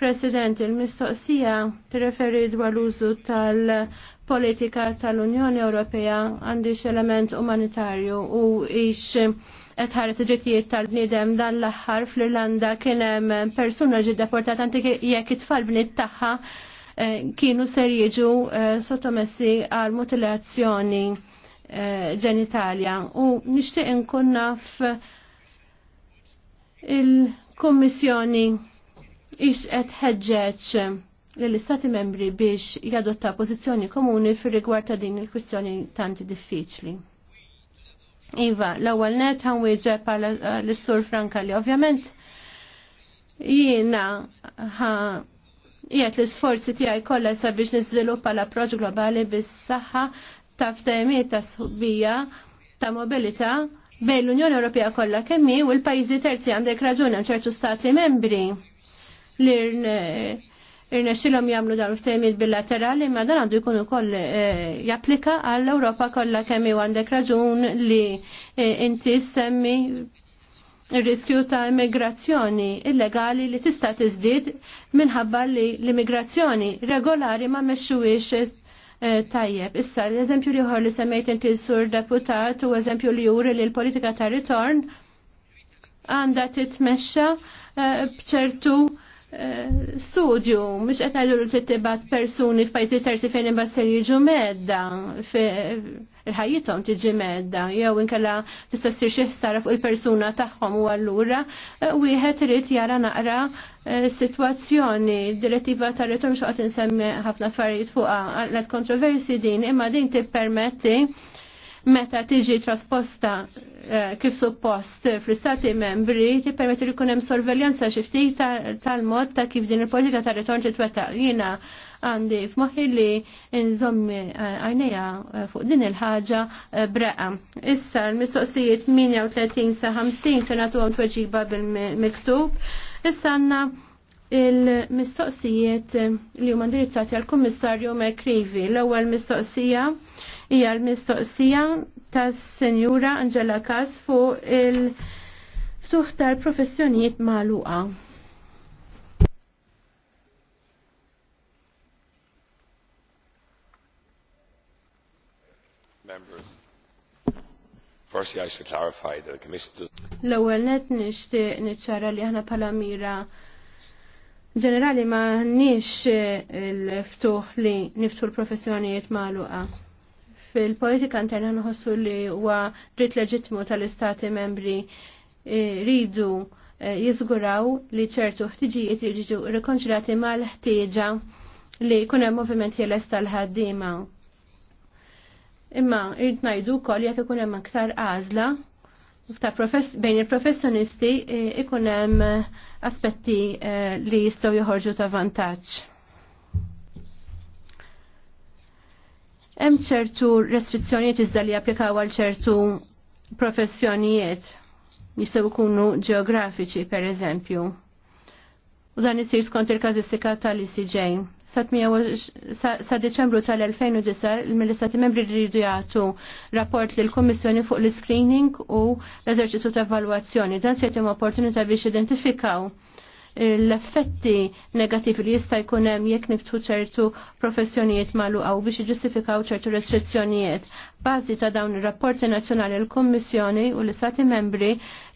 President, il-mistoqsija tirreferi dwar l-użu tal-politika tal-Unjoni Ewropea għandix element umanitarju u ix s ġetijiet tal nidem dan l-aħħar fl-Irlanda kien hemm persuna ġi deportat għanti jekk it-tfal bnit tagħha Eh, kienu ser jiġu eh, sottomessi għal mutilazzjoni eh, ġenitalja u nixtieq inkun naf il-Kummissjoni ix qed ħeġġeġ lill-Istati membri biex jadotta pożizzjoni komuni fir-rigward ta' din il-kwistjoni tanti diffiċli. Iva, l-ewwel net ħanwieġeb l-Sur Franka li ovvjament jiena jgħet l-sforzi tiegħi kollha sabiex niżviluppa l-approċċ globali bis-saħħa ta' ftehimiet ta' sħubija ta' mobilità bejn l-Unjoni Ewropea kollha kemm u l-pajjiżi terzi għandek raġun hemm ċertu stati membri li rnexxilhom jagħmlu dawn il-ftehimiet bilaterali ma dan għandu jkun ukoll eh, japplika għall-Ewropa kollha kemm għandek raġun li eh, inti semmi il riskju ta' immigrazzjoni illegali li tista' tiżdied minħabba li l-immigrazzjoni regolari ma mexxuwiex eh, tajjeb. Issa l-eżempju li ħor li semmejt inti sur deputat u eżempju li juri li l-politika ta' ritorn għandha titmexxa eh, bċertu uh, Eh, studju, mux qed ngħidu li tittibat persuni f'pajjiżi terzi fejn imbagħad ser jiġu medda il-ħajjithom tiġi medda jew inkella tista' ssir xi ħsara fuq il-persuna tagħhom u allura eh, wieħed irid jara naqra eh, sitwazzjoni direttiva ta' ritorn xoqgħod insemmi ħafna affarijiet fuqha għalet kontroversi din imma din tippermetti meta tiġi trasposta eh, kif suppost fl-istati membri ti permetti li kunem sorveljanza xifti tal-mod ta' kif din il-politika ta' retorn ċitweta jina għandi f'moħħi li nżommi eh, għajnija eh, fuq din il-ħaġa breqa. Issa l-mistoqsijiet 38 sa 50 se nagħtu għom tweġiba bil-miktub. Issa għandna il-mistoqsijiet li huma indirizzati għall-Kummissarju Mekrivi. L-ewwel mistoqsija hija l-mistoqsija tas-Senjura Angela Kass fuq il-ftuħ tal-professjonijiet magħluqa. Members. Forsi I should clarify that the Commission L-ewwel net nixtieq niċċara li aħna bħala mira ġenerali ma nix il-ftuħ li niftu l-professjonijiet magħluqa. Fil-politika interna nħossu li huwa dritt leġittmu tal-istati membri eh, ridu eh, jizguraw li ċertu ħtiġijiet jiġu rikonċilati mal-ħtieġa li jkun hemm moviment jeles tal-ħaddiema. Imma rrid ngħidu wkoll jekk ikun hemm aktar għażla ta' bejn il-professjonisti eh, ikun hemm aspetti li jistgħu joħorġu ta' vantaġġ. Hemm ċertu restrizzjonijiet iżda li japplikaw għal ċertu professjonijiet jistgħu jkunu ġeografiċi pereżempju. U dan isir skont il-każistika tal-ICJ. Sa Deċembru tal-2009 il-Ministati Membri rridu jagħtu rapport lil kummissjoni fuq l-screening u l-eżerċizzju ta' evalwazzjoni. Dan se jagħtihom opportunità biex identifikaw l-effetti negativi li jista' jkun hemm jekk niftħu ċertu professjonijiet magħluqa u biex jiġġustifikaw ċertu restrizzjonijiet. Bażi ta' dawn ir-rapporti nazzjonali l-Kommissjoni u l-Istati membri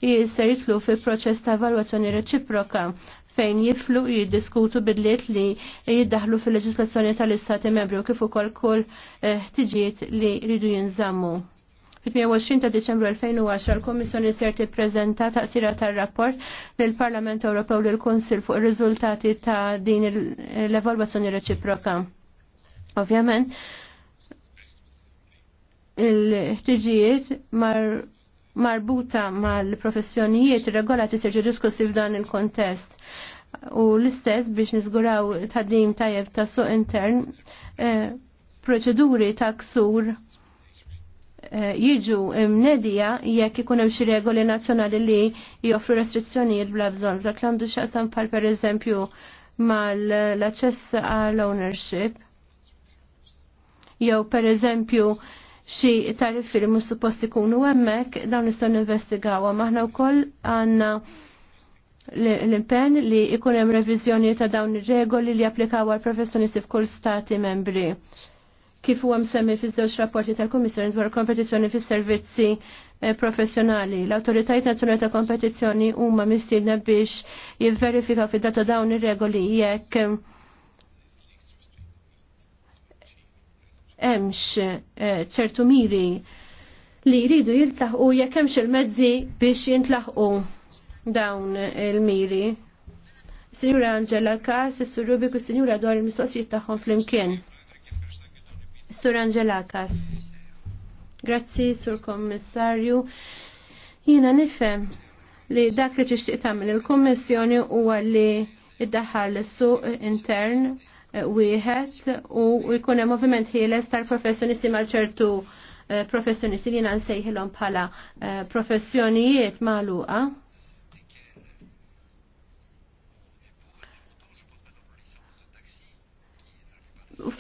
jista' jitlu fi proċess ta' evalwazzjoni reċiproka fejn jiflu jiddiskutu bidliet li jiddaħlu fil-leġislazzjoni tal-Istati membri u kif ukoll kull eh, ħtiġijiet li jridu jinżammu. Fit-28 ta' Deċembru 2010 l-Komissjoni ser tippreżenta taqsira tar-rapport lill parlament Ewropew lil kunsil fuq ir-riżultati ta' din l-evalwazzjoni reċiproka. Ovvjament, il-ħtiġijiet mar marbuta mal-professjonijiet regolati serġu diskussi f'dan il-kontest. U l-istess biex nizguraw tħaddim tajjeb ta' suq intern, eh, proċeduri ta' ksur Eh, jiġu mnedija jekk ikun hemm xi regoli nazzjonali li joffru restrizzjonijiet bla bżonn. Dak għandu x'aqsam bħal pereżempju mal-aċċess għall ownership jew pereżempju xi tariffi li mhux suppost ikunu hemmhekk dawn nistgħu ninvestigawha aħna wkoll għandna l-impenn li ikun hemm reviżjoni ta' dawn ir-regoli li applikaw għal professjonisti f'kull stati membri kif u msemmi fiż-żewġ rapporti tal-Kummissjoni dwar kompetizzjoni fis-servizzi eh, professjonali. L-Awtoritajiet Nazzjonali ta' Kompetizzjoni huma mistiedna biex jivverifikaw fid-data dawn ir-regoli jekk eh, hemmx eh, ċertu miri li jridu jiltaħqu jekk hemmx il-mezzi biex jintlaħqu dawn il-miri. Sinjura Angela Kass, is-Sur Rubik u Sinjura dwar il-mistoqsijiet tagħhom flimkien. Sur Angelakas. Grazzi, Sur Kommissarju. Jina nifem li dak li tixtieq tagħmel il-Kummissjoni huwa li iddaħħal is-suq intern eh, wieħed u jkun hemm moviment ħieles tal-professjonisti mal ċertu eh, professjonisti li jiena nsejħilhom bħala eh, professjonijiet magħluqa.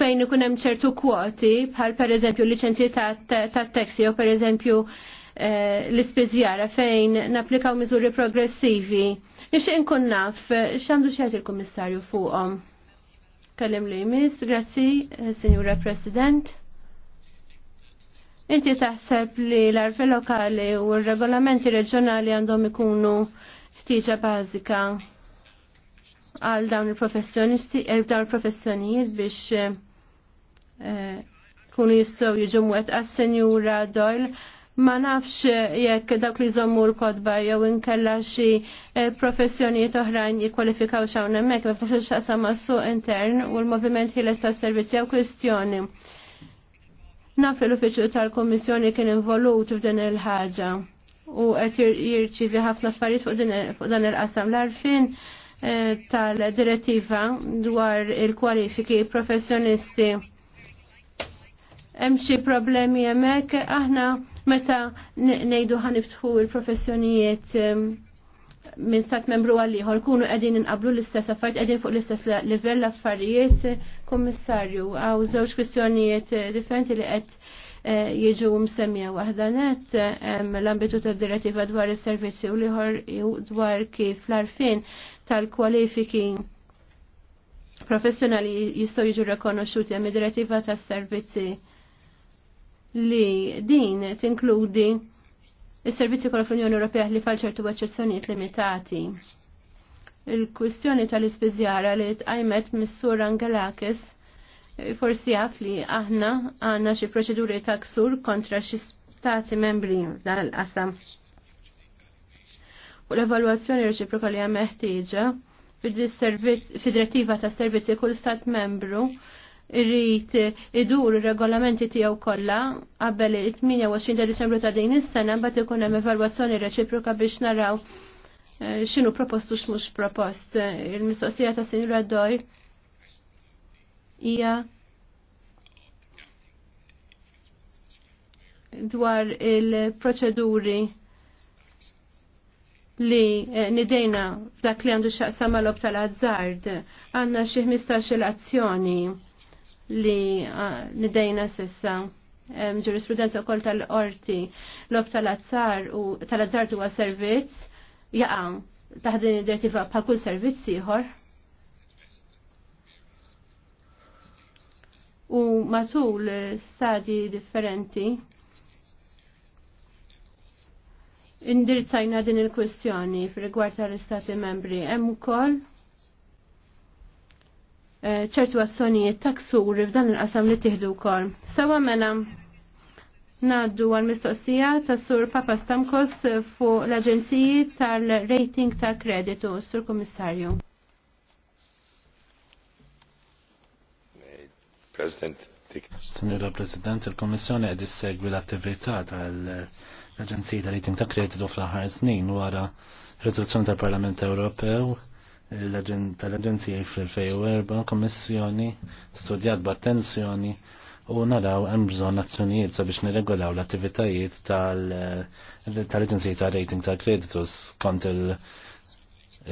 fejn ikun hemm ċertu kwoti bħal pereżempju liċenzji ta' taxi jew pereżempju eh, l-ispiżjara fejn napplikaw miżuri progressivi. Nixtieq inkun naf x'għandu xejn il-Kummissarju fuqhom. Kellem li jmiss, grazzi, Sinjura President. Inti taħseb li l-arfi lokali u r-regolamenti reġjonali għandhom ikunu ħtieġa bażika għal dawn il-professjonisti, eh, dawn il-professjonijiet biex eh, eh, kunu jistaw jiġumwet għas senjura Doyle. Ma nafx jekk dak li jżommu l-kodba jew inkella xi professjonijiet oħrajn jikkwalifikaw xawna hemmhekk ma fux xaqsam suq intern u l movement ħieles tas-servizzi jew kwistjoni. Naf l-uffiċċju tal-Kummissjoni kien involut f'din il-ħaġa u qed jirċievi ħafna affarijiet fuq dan il-qasam l-arfin. il qasam l arfin Eh, tal-direttiva dwar il-kwalifiki professjonisti. Hemm xi problemi hemmhekk aħna meta ngħidu ħaniftħu il-professjonijiet eh, minn stat membru għal ieħor kunu qegħdin inqablu l-istess affarijiet qegħdin fuq l-istess livell l-affarijiet eh, kummissarju għaw żewġ kwistjonijiet differenti li qed jiġu msemmija waħda net l-ambitu tad direttiva dwar is-servizzi u liħor dwar kif l-arfin tal-kwalifiki professjonali jistgħu jiġu rekonoxxuti hemm id-direttiva tas-servizzi li din tinkludi is-servizzi kollha fl-Unjoni Ewropea li fal ċertu eċċezzjonijiet limitati. Il-kwistjoni tal-ispiżjara li tqajmet mis-sur Angelakis forsi jaf li aħna għandna xi proċeduri ta' ksur kontra xi stati membri dan qasam u l-evalwazzjoni reċiproka li hemm meħtieġa fid-direttiva ta' servizzi kull stat membru irrid idur regolamenti tiegħu kollha qabel il-28 ta' Diċembru ta' din is-sena mbagħad ikun hemm evalwazzjoni reċiproka biex naraw eh, x'inhu propost u x'mhux propost. Il-mistoqsija ta' Sinjura Doj hija dwar il-proċeduri li eh, nidejna f'dak li għandu xaqsa l ok tal-azzard għanna xi ħmistax-il azzjoni li eh, nidejna sissa ġurisprudenza wkoll tal-qorti l-ok tal-azzar u tal-azzard huwa servizz jaqa' taħdin id-dirtiva bħal kull servizz ieħor. U matul stadji differenti indirizzajna din il-kwestjoni fil-rigward tal-Istati membri. Hemm ukoll eh, ċertu azzjonijiet taksuri f'dan il-qasam li tieħdu wkoll. Sewa mela ngħaddu għall mistoqsija ta' Sur Papa Stamkos fuq l-Aġenziji tal-Rating ta' Kreditu, Sur Kummissarju. President. Sinjura President, il-Kommissjoni qed issegwi l-attività tal- l-Aġenzija tal-Rating ta' Kreditu fl-aħħar snin wara rezoluzzjoni tal-Parlament Ewropew tal-Aġenzija fl-2004 kommissjoni studjat b'attenzjoni u naraw hemm bżonn azzjonijiet sabiex niregolaw l-attivitajiet tal-Aġenzija tal-Rating ta' Kreditu skont il-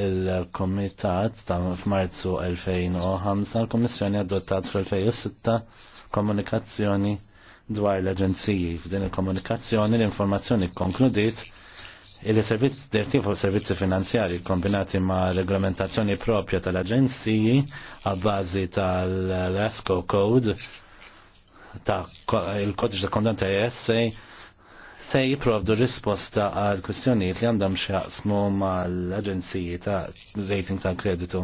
il-Komitat ta' f'Marzu 2005 l-Kommissjoni adottat fl-2006 komunikazzjoni dwar l-Aġenziji f'din il-komunikazzjoni l-informazzjoni konkludiet il-servizz dirtiv u servizzi finanzjari kombinati ma' reglamentazzjoni propja tal-Aġenziji għabbażi tal-ESCO Code ta' il-kodiċ ta' kondanta ESA se jiprovdu risposta għal kwistjonijiet li għandhom xaqsmu mal-aġenziji ta' rating tal kreditu.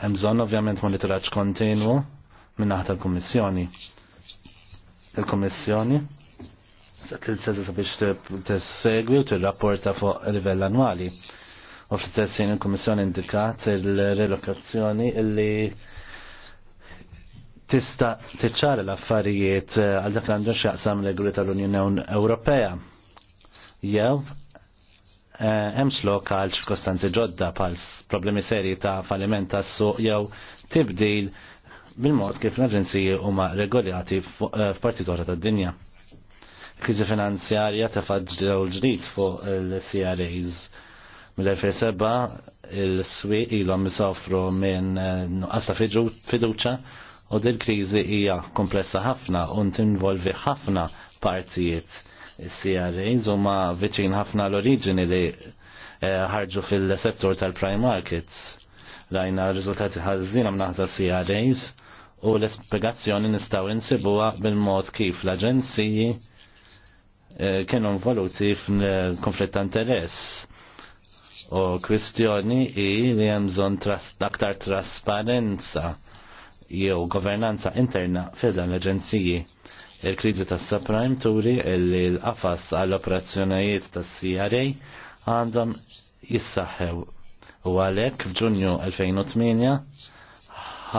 Hemm bżonn ovvjament monitoraġġ kontinwu minn naħta l-Kummissjoni il-Kommissjoni set li sabiex t-segwi u t-rapporta fuq livell annwali. U fl sessin il-Kommissjoni indikat il-relokazzjoni illi tista tiċċara l-affarijiet eh, għal dak l-għandu xaqsam l-għuri tal-Unjoni Ewropea. Jew, eh, hemmx lokal ċirkostanzi ġodda pal problemi seri ta' falliment tas suq jew tibdil bil-mod kif l-aġenziji huma regolati eh, f'parti toħra tad-dinja. Kriżi finanzjarja tefad ġdid fuq il-CRAs mill-2007 il-swi ilhom misofru minn eh, nuqqas ta' fiduċa u din kriżi hija komplessa ħafna u tinvolvi ħafna partijiet il cras huma viċin ħafna l-oriġini li eh, ħarġu fil-settur tal-prime markets. Rajna riżultati ħażina mnaħta CRAs u l espegazzjoni nistaw insibuha bil-mod kif l-aġenziji eh, kienu involuti f'konflitt ta' interess. U kwistjoni i li hemm bżonn aktar trasparenza jew governanza interna fil-dan l-aġenziji. il krizi tas subprime turi illi l-qafas għall-operazzjonijiet tas CRA għandhom jissaħħew. U għalhekk f'Ġunju 2008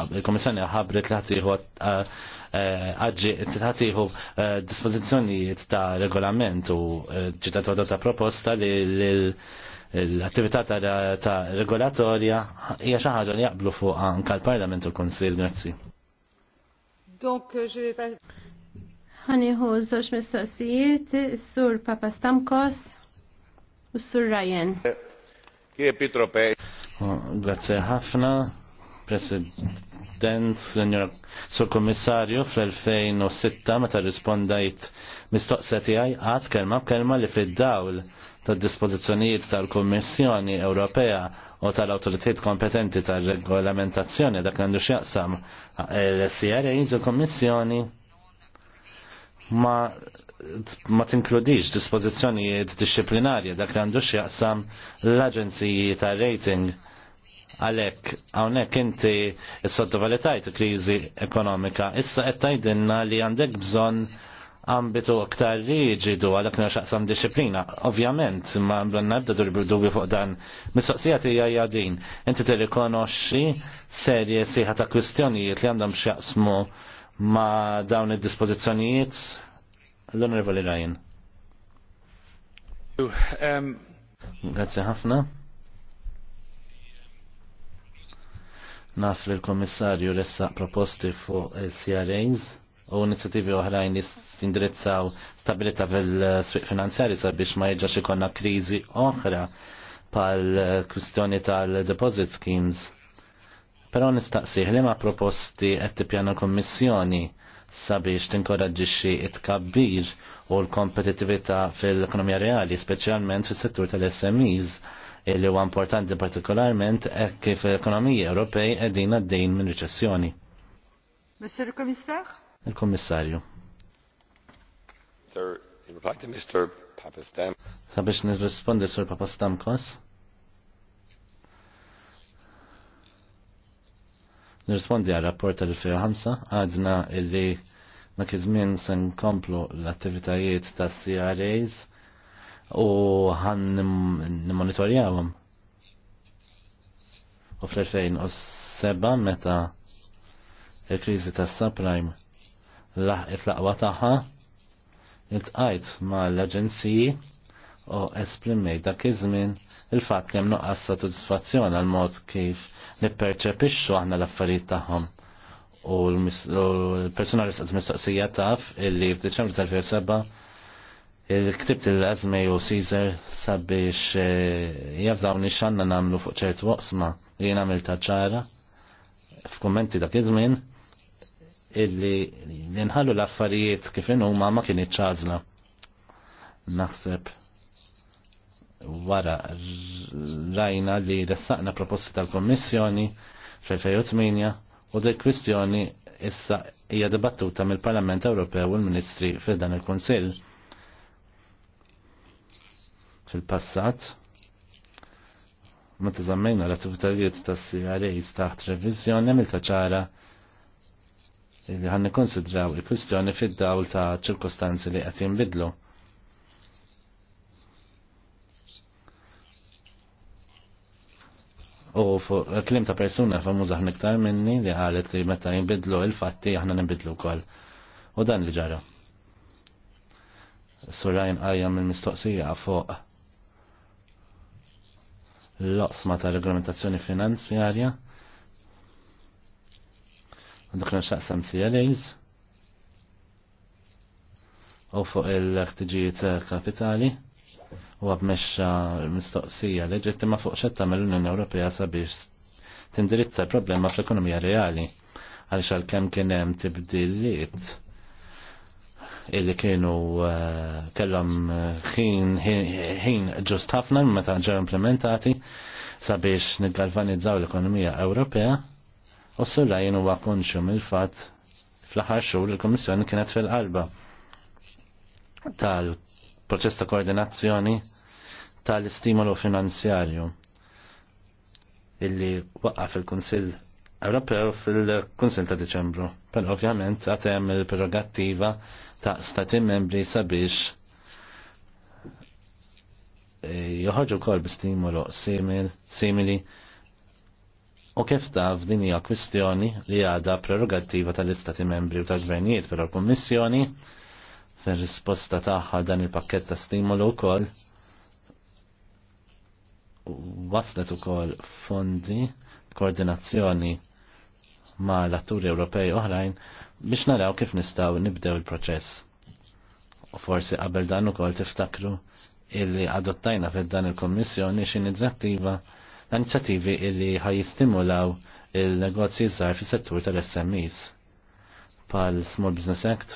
il-Komissjoni ħabret li t ħatiħu dispozizjoni ta' regolament u eh, ġitat ta' proposta li l-attività ta' regolatorja hija xi ħaġa li jaqblu fuq anke l-Parlament u l-Kunsill, grazzi. Donc, euh, je vais żewġ mistoqsijiet, sur Papa Stamkos u s-sur Ryan. Kie Grazie ħafna. President, Senjor Sur Kommissarju, fl-2006 meta rispondajt mistoqseti għaj għad kelma kelma li fid-dawl tad dispożizzjonijiet tal-Kommissjoni Ewropea u tal-autoritet kompetenti tal-regolamentazzjoni dak għandu xjaqsam l-SCR jinżu kommissjoni ma ma tinkludix dispożizzjonijiet disciplinarji dak għandu xjaqsam l-aġenziji tal-rating Għalek, għonek inti s-sottovalitajt krizi ekonomika, issa qed tgħidilna li għandek bżonn ambitu aktar riġidu għalek naxaqsam disciplina. Ovvjament, ma blan nabda dubi fuq dan. Mistoqsija tija jadin. Inti t-rikonoxi serje siħa ta' kwistjonijiet li għandhom xaqsmu ma dawn id-dispozizjonijiet l-Onorevoli Ryan. Um, Grazie ħafna. Naf li l-Komissarju ressaq proposti fuq CRAs u inizjativi oħrajn li jindirizzaw stabilita fil-swiq finanzjari sabiex ma jirġax ikonna krizi oħra pal kwistjoni tal-deposit schemes. Pero nistaqsi li ma proposti qed tippjana kommissjoni sabiex tinkoraġġixxi it-kabbir u l kompetitivita fil-ekonomija reali, speċjalment fis-settur tal-SMEs li huwa importanti partikolarment hekk kif l-ekonomija Ewropej qegħdin għaddejn minn riċessjoni. Mr. le Il-Kommissarju. Sir, in reply to Mr. Papastam. Sabiex nirrispondi Sur Papastam kos? Nirrispondi għal rapport tal-2005 għadna illi ma kizmin sen komplu l-attivitajiet ta' CRAs u ħan nimmonitorjawhom. U fl-2007 meta il-kriżi tas-subprime laħqet laqwa tagħha ma mal-aġenziji u esprimej dak iż-żmien il-fatt li hemm noqqas satisfazzjon għal mod kif nipperċepixxu aħna l-affarijiet tagħhom. U l-personali s mistoqsija taf illi f'Diċembru tal-2007 il-ktibt il-azmej u Caesar sabiex eh, jafżaw nixanna namlu fuq ċertu waqsma li jena għamil taċċara f'kummenti dak iż illi jenħallu l-affarijiet kif huma ma kien iċċażla. Naħseb wara rajna li ressaqna proposti tal-Kommissjoni fl-2008 u dik kwistjoni issa hija dibattuta mill-Parlament Ewropew u l-Ministri fil dan il-Kunsill fil-passat meta żammejna l-attivitajiet ta' cras taħt reviżjoni għamilta ċara li ħan konsidraw il-kwistjoni fid-dawl ta' ċirkostanzi li qed jinbidlu. U fuq klim ta' persuna famuża iktar minni li qalet li meta jinbidlu il-fatti aħna nibidlu wkoll. U dan li ġara. Surajn qajja mill-mistoqsija fuq l-oqsma ta' regolamentazzjoni finanzjarja. Dak nxaqsam CLAs u fuq il-ħtiġijiet kapitali u l mistoqsija leġittima fuq xetta mill-Unjoni Ewropea sabiex tindirizza problema fl-ekonomija reali għaliex għalkemm kien hemm tibdilliet illi kienu uh, kellhom uh, ħin ġust ħafna meta ġew implementati sabiex niggalvanizzaw l-ekonomija Ewropea u sulla jien huwa konxu mill-fatt fl-aħħar xhur il-Kummissjoni kienet fil-qalba tal-proċess ta' koordinazzjoni tal-istimolu finanzjarju illi waqqa fil kunsill Ewropew fil-Kunsill ta' Deċembru. Però ovvjament għatem il-prerogattiva ta' stati membri sabiex e, joħorġu kol bistimulu simili u kif taf din hija kwistjoni li għada prerogattiva tal-istati membri u tal-gvernijiet per l-Kummissjoni fir-risposta tagħha dan il-pakkett ta' stimolu wkoll waslet ukoll fondi koordinazzjoni ma' l-atturi Ewropej oħrajn biex naraw kif nistaw nibdew il-proċess. U forsi qabel dan ukoll tiftakru illi adottajna fid dan il-Kommissjoni xi inizjattiva l-inizjattivi illi ħajjistimulaw il-negozji żgħar fis-settur tal-SMEs pal Small Business Act,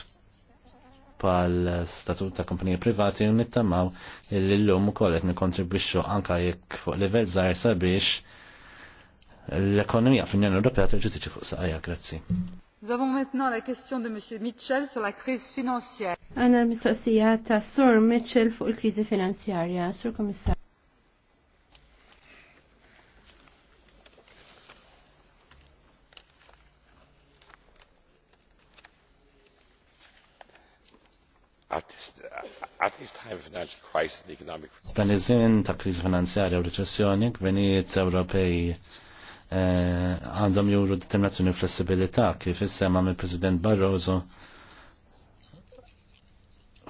pal statut ta' kompanija privati u nittamaw illi l-lum u kollet nikontribwixxu anka jekk fuq livell żgħar sabiex l-ekonomija fl-Unjoni Ewropea terġa' tiġi fuq saqajja, grazzi. Nous avons maintenant la question de M. Mitchell sur la crise financière. Għanna l-mistoqsija ta' Sur Mitchell fuq il-krizi finanzjarja. Sur Komissar. At this time of financial crisis and economic... Tal-izin ta' krizi finanzjarja u recessjoni, gvenijiet Ewropej għandhom juru determinazzjoni u flessibilità kif issema mill-President Barroso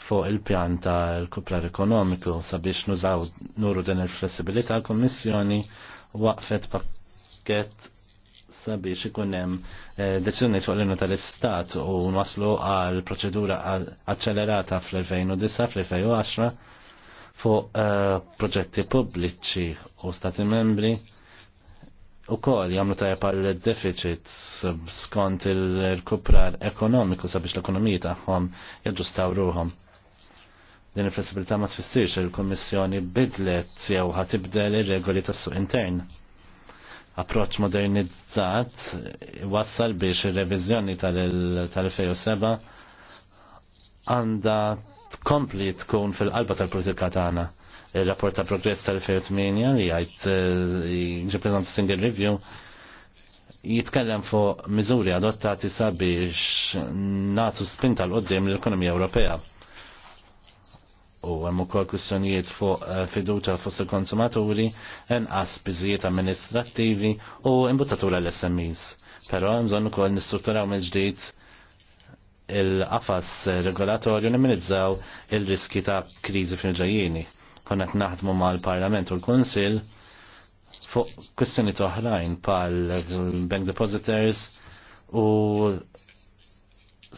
fuq il-pjan tal-kuplar ekonomiku sabiex nużaw nuru din il-flessibilità l-Kommissjoni waqfet pakket sabiex ikun hemm eh, deċiżjoni fuq l-inu tal-Istat u nwaslu għal proċedura accelerata fl-2009 fl-2010 fuq eh, proġetti pubbliċi u stati membri u kol jamlu tajab għal deficit skont il-kuprar ekonomiku sabiex l-ekonomija tagħhom jaġġustaw ruhom. Din il-flessibilità ma tfissirx il-Kommissjoni bidlet jew ħatibdel ir-regoli tas-suq intern. Approċċ modernizzat wassal biex ir-reviżjoni tal-2007 għandha tkompli tkun fil-qalba tal-politika tagħna il-rapport ta' progress tal-2008 li għajt eh, ġeprezent single review jitkellem fuq miżuri adottati sabiex natu spinta l-qoddim l-ekonomija Ewropea. U għem ukoll kwistjonijiet fuq eh, fiduċa fuq il-konsumaturi, inqas biżijiet amministrattivi u imbutatura l-SMEs. Però hemm bżonn ukoll nistrutturaw mill-ġdid il-qafas regolatorju nimminizzaw il-riski ta' kriżi fil-ġajjini konna qed naħdmu mal-Parlament u l-Kunsill fuq kwistjoni toħrajn pal bank depositors u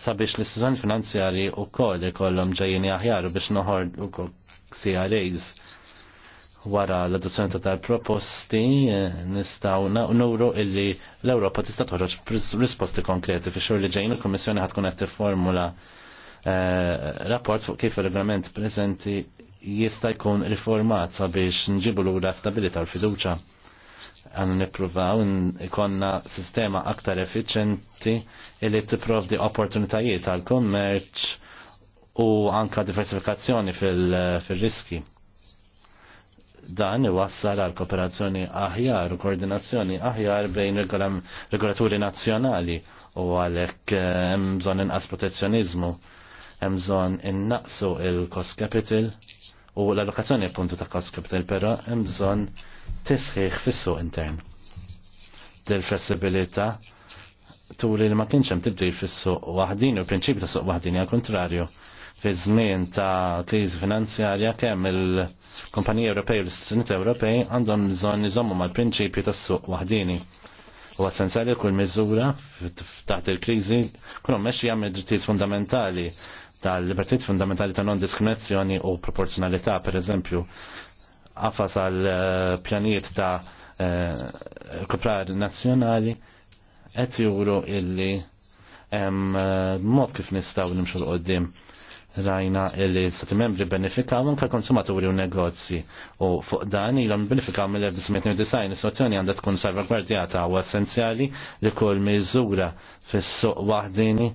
sabiex l-istituzjoni finanzjari u koll ikollhom ġejjini aħjar biex noħor u CRAs wara l-adozzjoni ta' tal-proposti eh, nistaw nuru illi l-Ewropa tista' toħroġ risposti konkreti fi xogħol li ġejjin il-Kummissjoni ħadd tkun qed tifformula eh, rapport fuq kif il-regolament preżenti jista' jkun riformat sabiex nġibu lura stabilita l fiduċa għannu nipruvaw ikonna sistema aktar efficienti illi tipprovdi opportunitajiet għal kummerċ u anka diversifikazzjoni fil-riski. Dan iwassal għal kooperazzjoni aħjar u koordinazzjoni aħjar bejn regolaturi nazzjonali u għalhekk eh, hemm bżonn inqas protezzjonizmu, hemm bżonn innaqsu il-cost capital u l-allokazzjoni puntu ta' cost capital però hemm bżonn tisħiħ fis-suq intern. Dil flessibilità turi li ma kienx hemm tibdil fis-suq waħdin u prinċip ta' suq waħdin għal kontrarju fi żmien ta' kriżi finanzjarja kemm il-kumpaniji Ewropej u l-istituzzjonijiet Ewropej għandhom bżonn iżommu mal-prinċipju tas-suq waħdini. U essenzjali kull miżura taħt il-kriżi kun mexxi jagħmel drittijiet fundamentali tal-libertiet fundamentali ta' non-diskriminazzjoni u proporzjonalità, per eżempju, għafas għal eh, pjanijiet ta' eh, koprar nazjonali, et juru illi eh, mod kif nistaw nimxu l-qoddim rajna illi stati membri benefikaw anka konsumaturi u negozji u fuq dan ilhom benefikaw mill-1990 is-soluzzjoni għandha tkun salvagwardjata u essenzjali li kull miżura fis-suq waħdini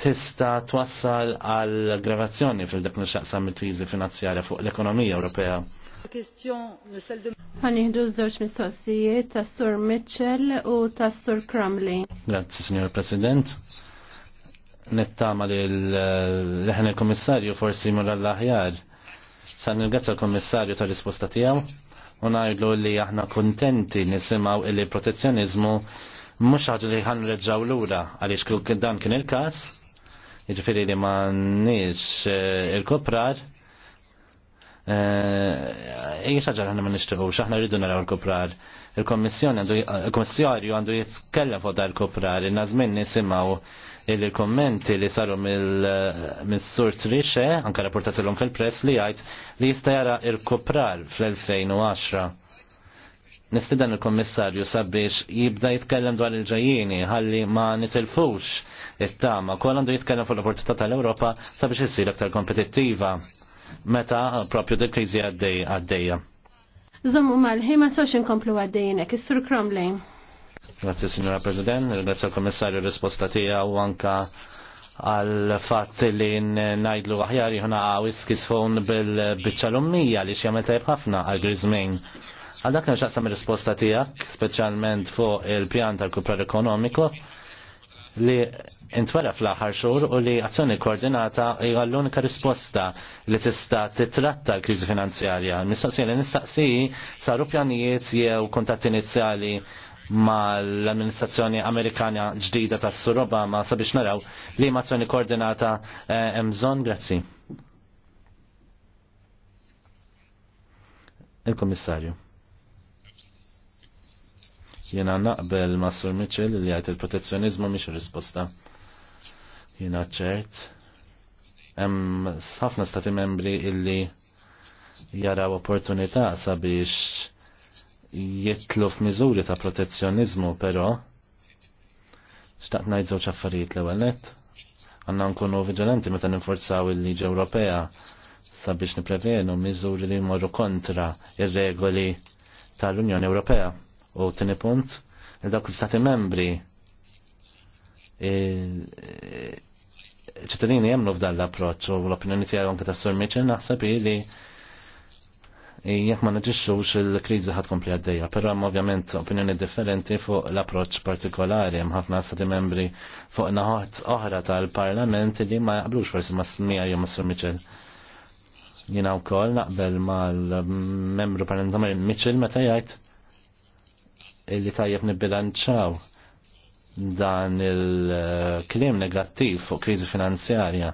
tista twassal għal gravazzjoni fil-dak nixaqsam il-krizi finanzjarja fuq l-ekonomija Ewropea. Għaniħdu żewġ mistoqsijiet ta' Sur Mitchell u ta' Sur Crumley. Grazzi, Signor President. Nittama li l-ħen il-Komissarju forsi mur l-aħjar. San il-gazza l-Komissarju ta' risposta tijaw u li aħna kontenti nisimaw illi protezjonizmu mux ħagġa li ħan reġaw l-ura għaliex dan kien il-kas Jiġifieri li ma nis eh, il-koprar Ejja eh, saġar ħana ma nishtiqu, xaħna rridu naraw il-koprar. Il-kommissjoni għandu, il-kommissjarju għandu jitkellem fuq dar il-koprar, il-nazmin nisimaw il-kommenti li saru mill-sur Trixe, anka rapportatilhom fil-press li għajt li jista jara il-koprar fl-2010 nistidan il-Kommissarju sabiex jibda jitkellem dwar il-ġajjini ħalli ma nitilfux it-tama. Kol għandu jitkellem fuq l-opportunità tal-Ewropa sabiex jissir aktar kompetittiva meta propju dik kriżi għaddejja. Zommu mal-ħima sox inkomplu għaddejjinek, is-Sur Grazie, signora President, grazie al Kommissarju risposta tiegħu anka għal fatt li najdlu aħjar jħuna għawis kisfon bil-bicċa l-ummija li xiameta jibħafna għal Grizmain Għal dak il risposta tiegħek, speċjalment fuq il-pjan tal-kuprar ekonomiku, li intwara fl-aħħar xhur u li azzjoni koordinata hija l-unika risposta li tista' titratta l-kriżi finanzjarja. Mistoqsija li nistaqsiji saru pjanijiet jew kuntatt inizjali mal-amministrazzjoni Amerikana ġdida tas sur Obama sabiex naraw li mazzjoni azzjoni koordinata eh, hemm bżonn grazzi. il komissarju Jiena naqbel ma' Sur Mitchell li għajt il-protezzjonizmu miex risposta. Jiena ċert. Hemm ħafna stati membri illi jaraw opportunità sabiex jitlu f'miżuri ta' protezzjonizmu, però xtaqt ngħid żewġ affarijiet l-ewwel nett. Għandna nkunu viġilenti meta ninforzaw il-liġi Ewropea sabiex niprevenu miżuri li jmorru kontra ir-regoli tal-Unjoni Ewropea. U tini punt, dawk l-stati membri ċittadini jemnu f'dan l-approċ u l-opinjoni tijaw anke tas-Sur naħseb li jekk ma naġixxux il-kriżi ħadd kompli għaddejja, pero hemm ovvjament opinjoni differenti fuq l-approċ partikolari hemm ħafna stati membri fuq naħat oħra tal-Parlament li ma jaqblux forsi ma smija jew ma' Sur Mitchell. Jiena wkoll naqbel mal-membru parlamentari Mitchell meta jgħid illi tajjeb nibbilanċaw dan il-klim negattiv fuq kriżi finanzjarja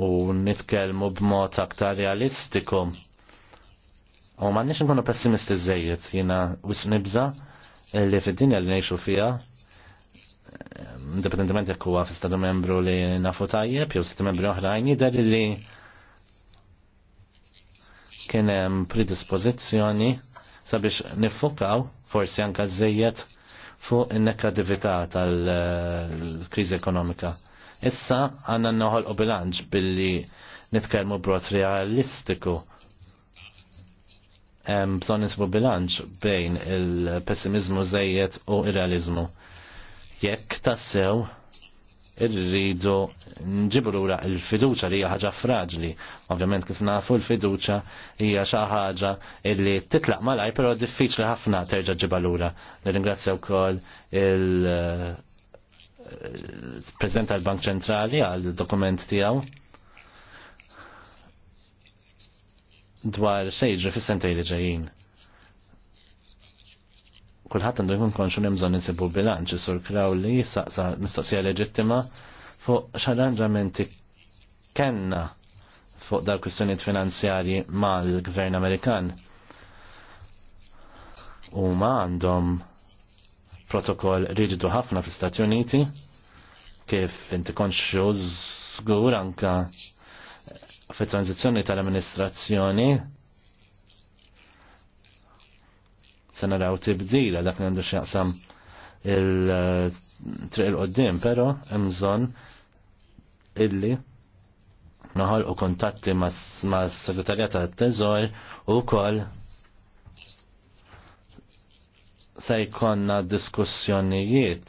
u nitkelmu b'mod aktar realistiku. U ma nix nkunu pessimisti zzejiet, jina wis nibza li fid-dinja li nejxu fija, indipendentiment jekk huwa fi stadu membru li nafu tajjeb, jew stati membru oħrajn jidher li kien hemm predispożizzjoni sabiex niffukaw forsi anka żejjed fuq in-nekkatività tal-kriżi ekonomika. Issa għanna noħol u bilanċ billi nitkelmu brot realistiku. Bżon nisbu bilanċ bejn il-pessimizmu zejjed u il-realizmu. Jekk tassew irridu nġibru lura il-fiduċa li hija ħaġa fraġli. Ovvjament kif nafu l-fiduċa hija xi ħaġa li titlaq malaj però diffiċli ħafna terġa' ġibha lura. Nirringrazzja wkoll il- eh, President tal-Bank Ċentrali għal dokument tiegħu dwar sejġi fis-sentej li ġejjin kulħadd għandu jkun konxu li bżonn insibu bilanċ sur kraw li jissaqsa mistoqsija leġittima fuq x'arranġamenti kenna fuq dal kwistjonijiet finanzjarji mal-Gvern Amerikan. Huma għandhom protokoll riġidu ħafna fl-Istati Uniti kif inti konxu zgur anka fit tranzizjoni tal-amministrazzjoni se naraw tibdila dak li għandu x'jaqsam il-triq il-qoddim, pero hemm illi naħol u kontatti ma' s-segretarjat ta' teżor u kol se diskussjonijiet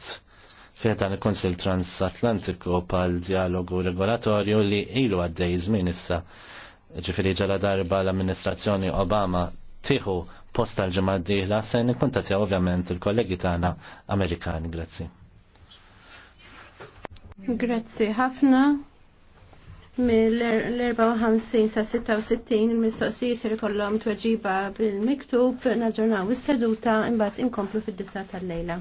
fih dan il-Konsil Transatlantiku pal dialogu regolatorju li ilu għaddej żmien issa. ġifiri ġala darba l-amministrazzjoni Obama tieħu post tal-ġemma d-dihla se nikkontatja ovvjament il-kollegi tagħna Amerikani, grazzi. Grazzi ħafna. Mill-54 sa 66 il-mistoqsijiet se jkollhom tweġiba bil-miktub naġġornaw is-seduta imbagħad inkomplu fid-disa tal-lejla.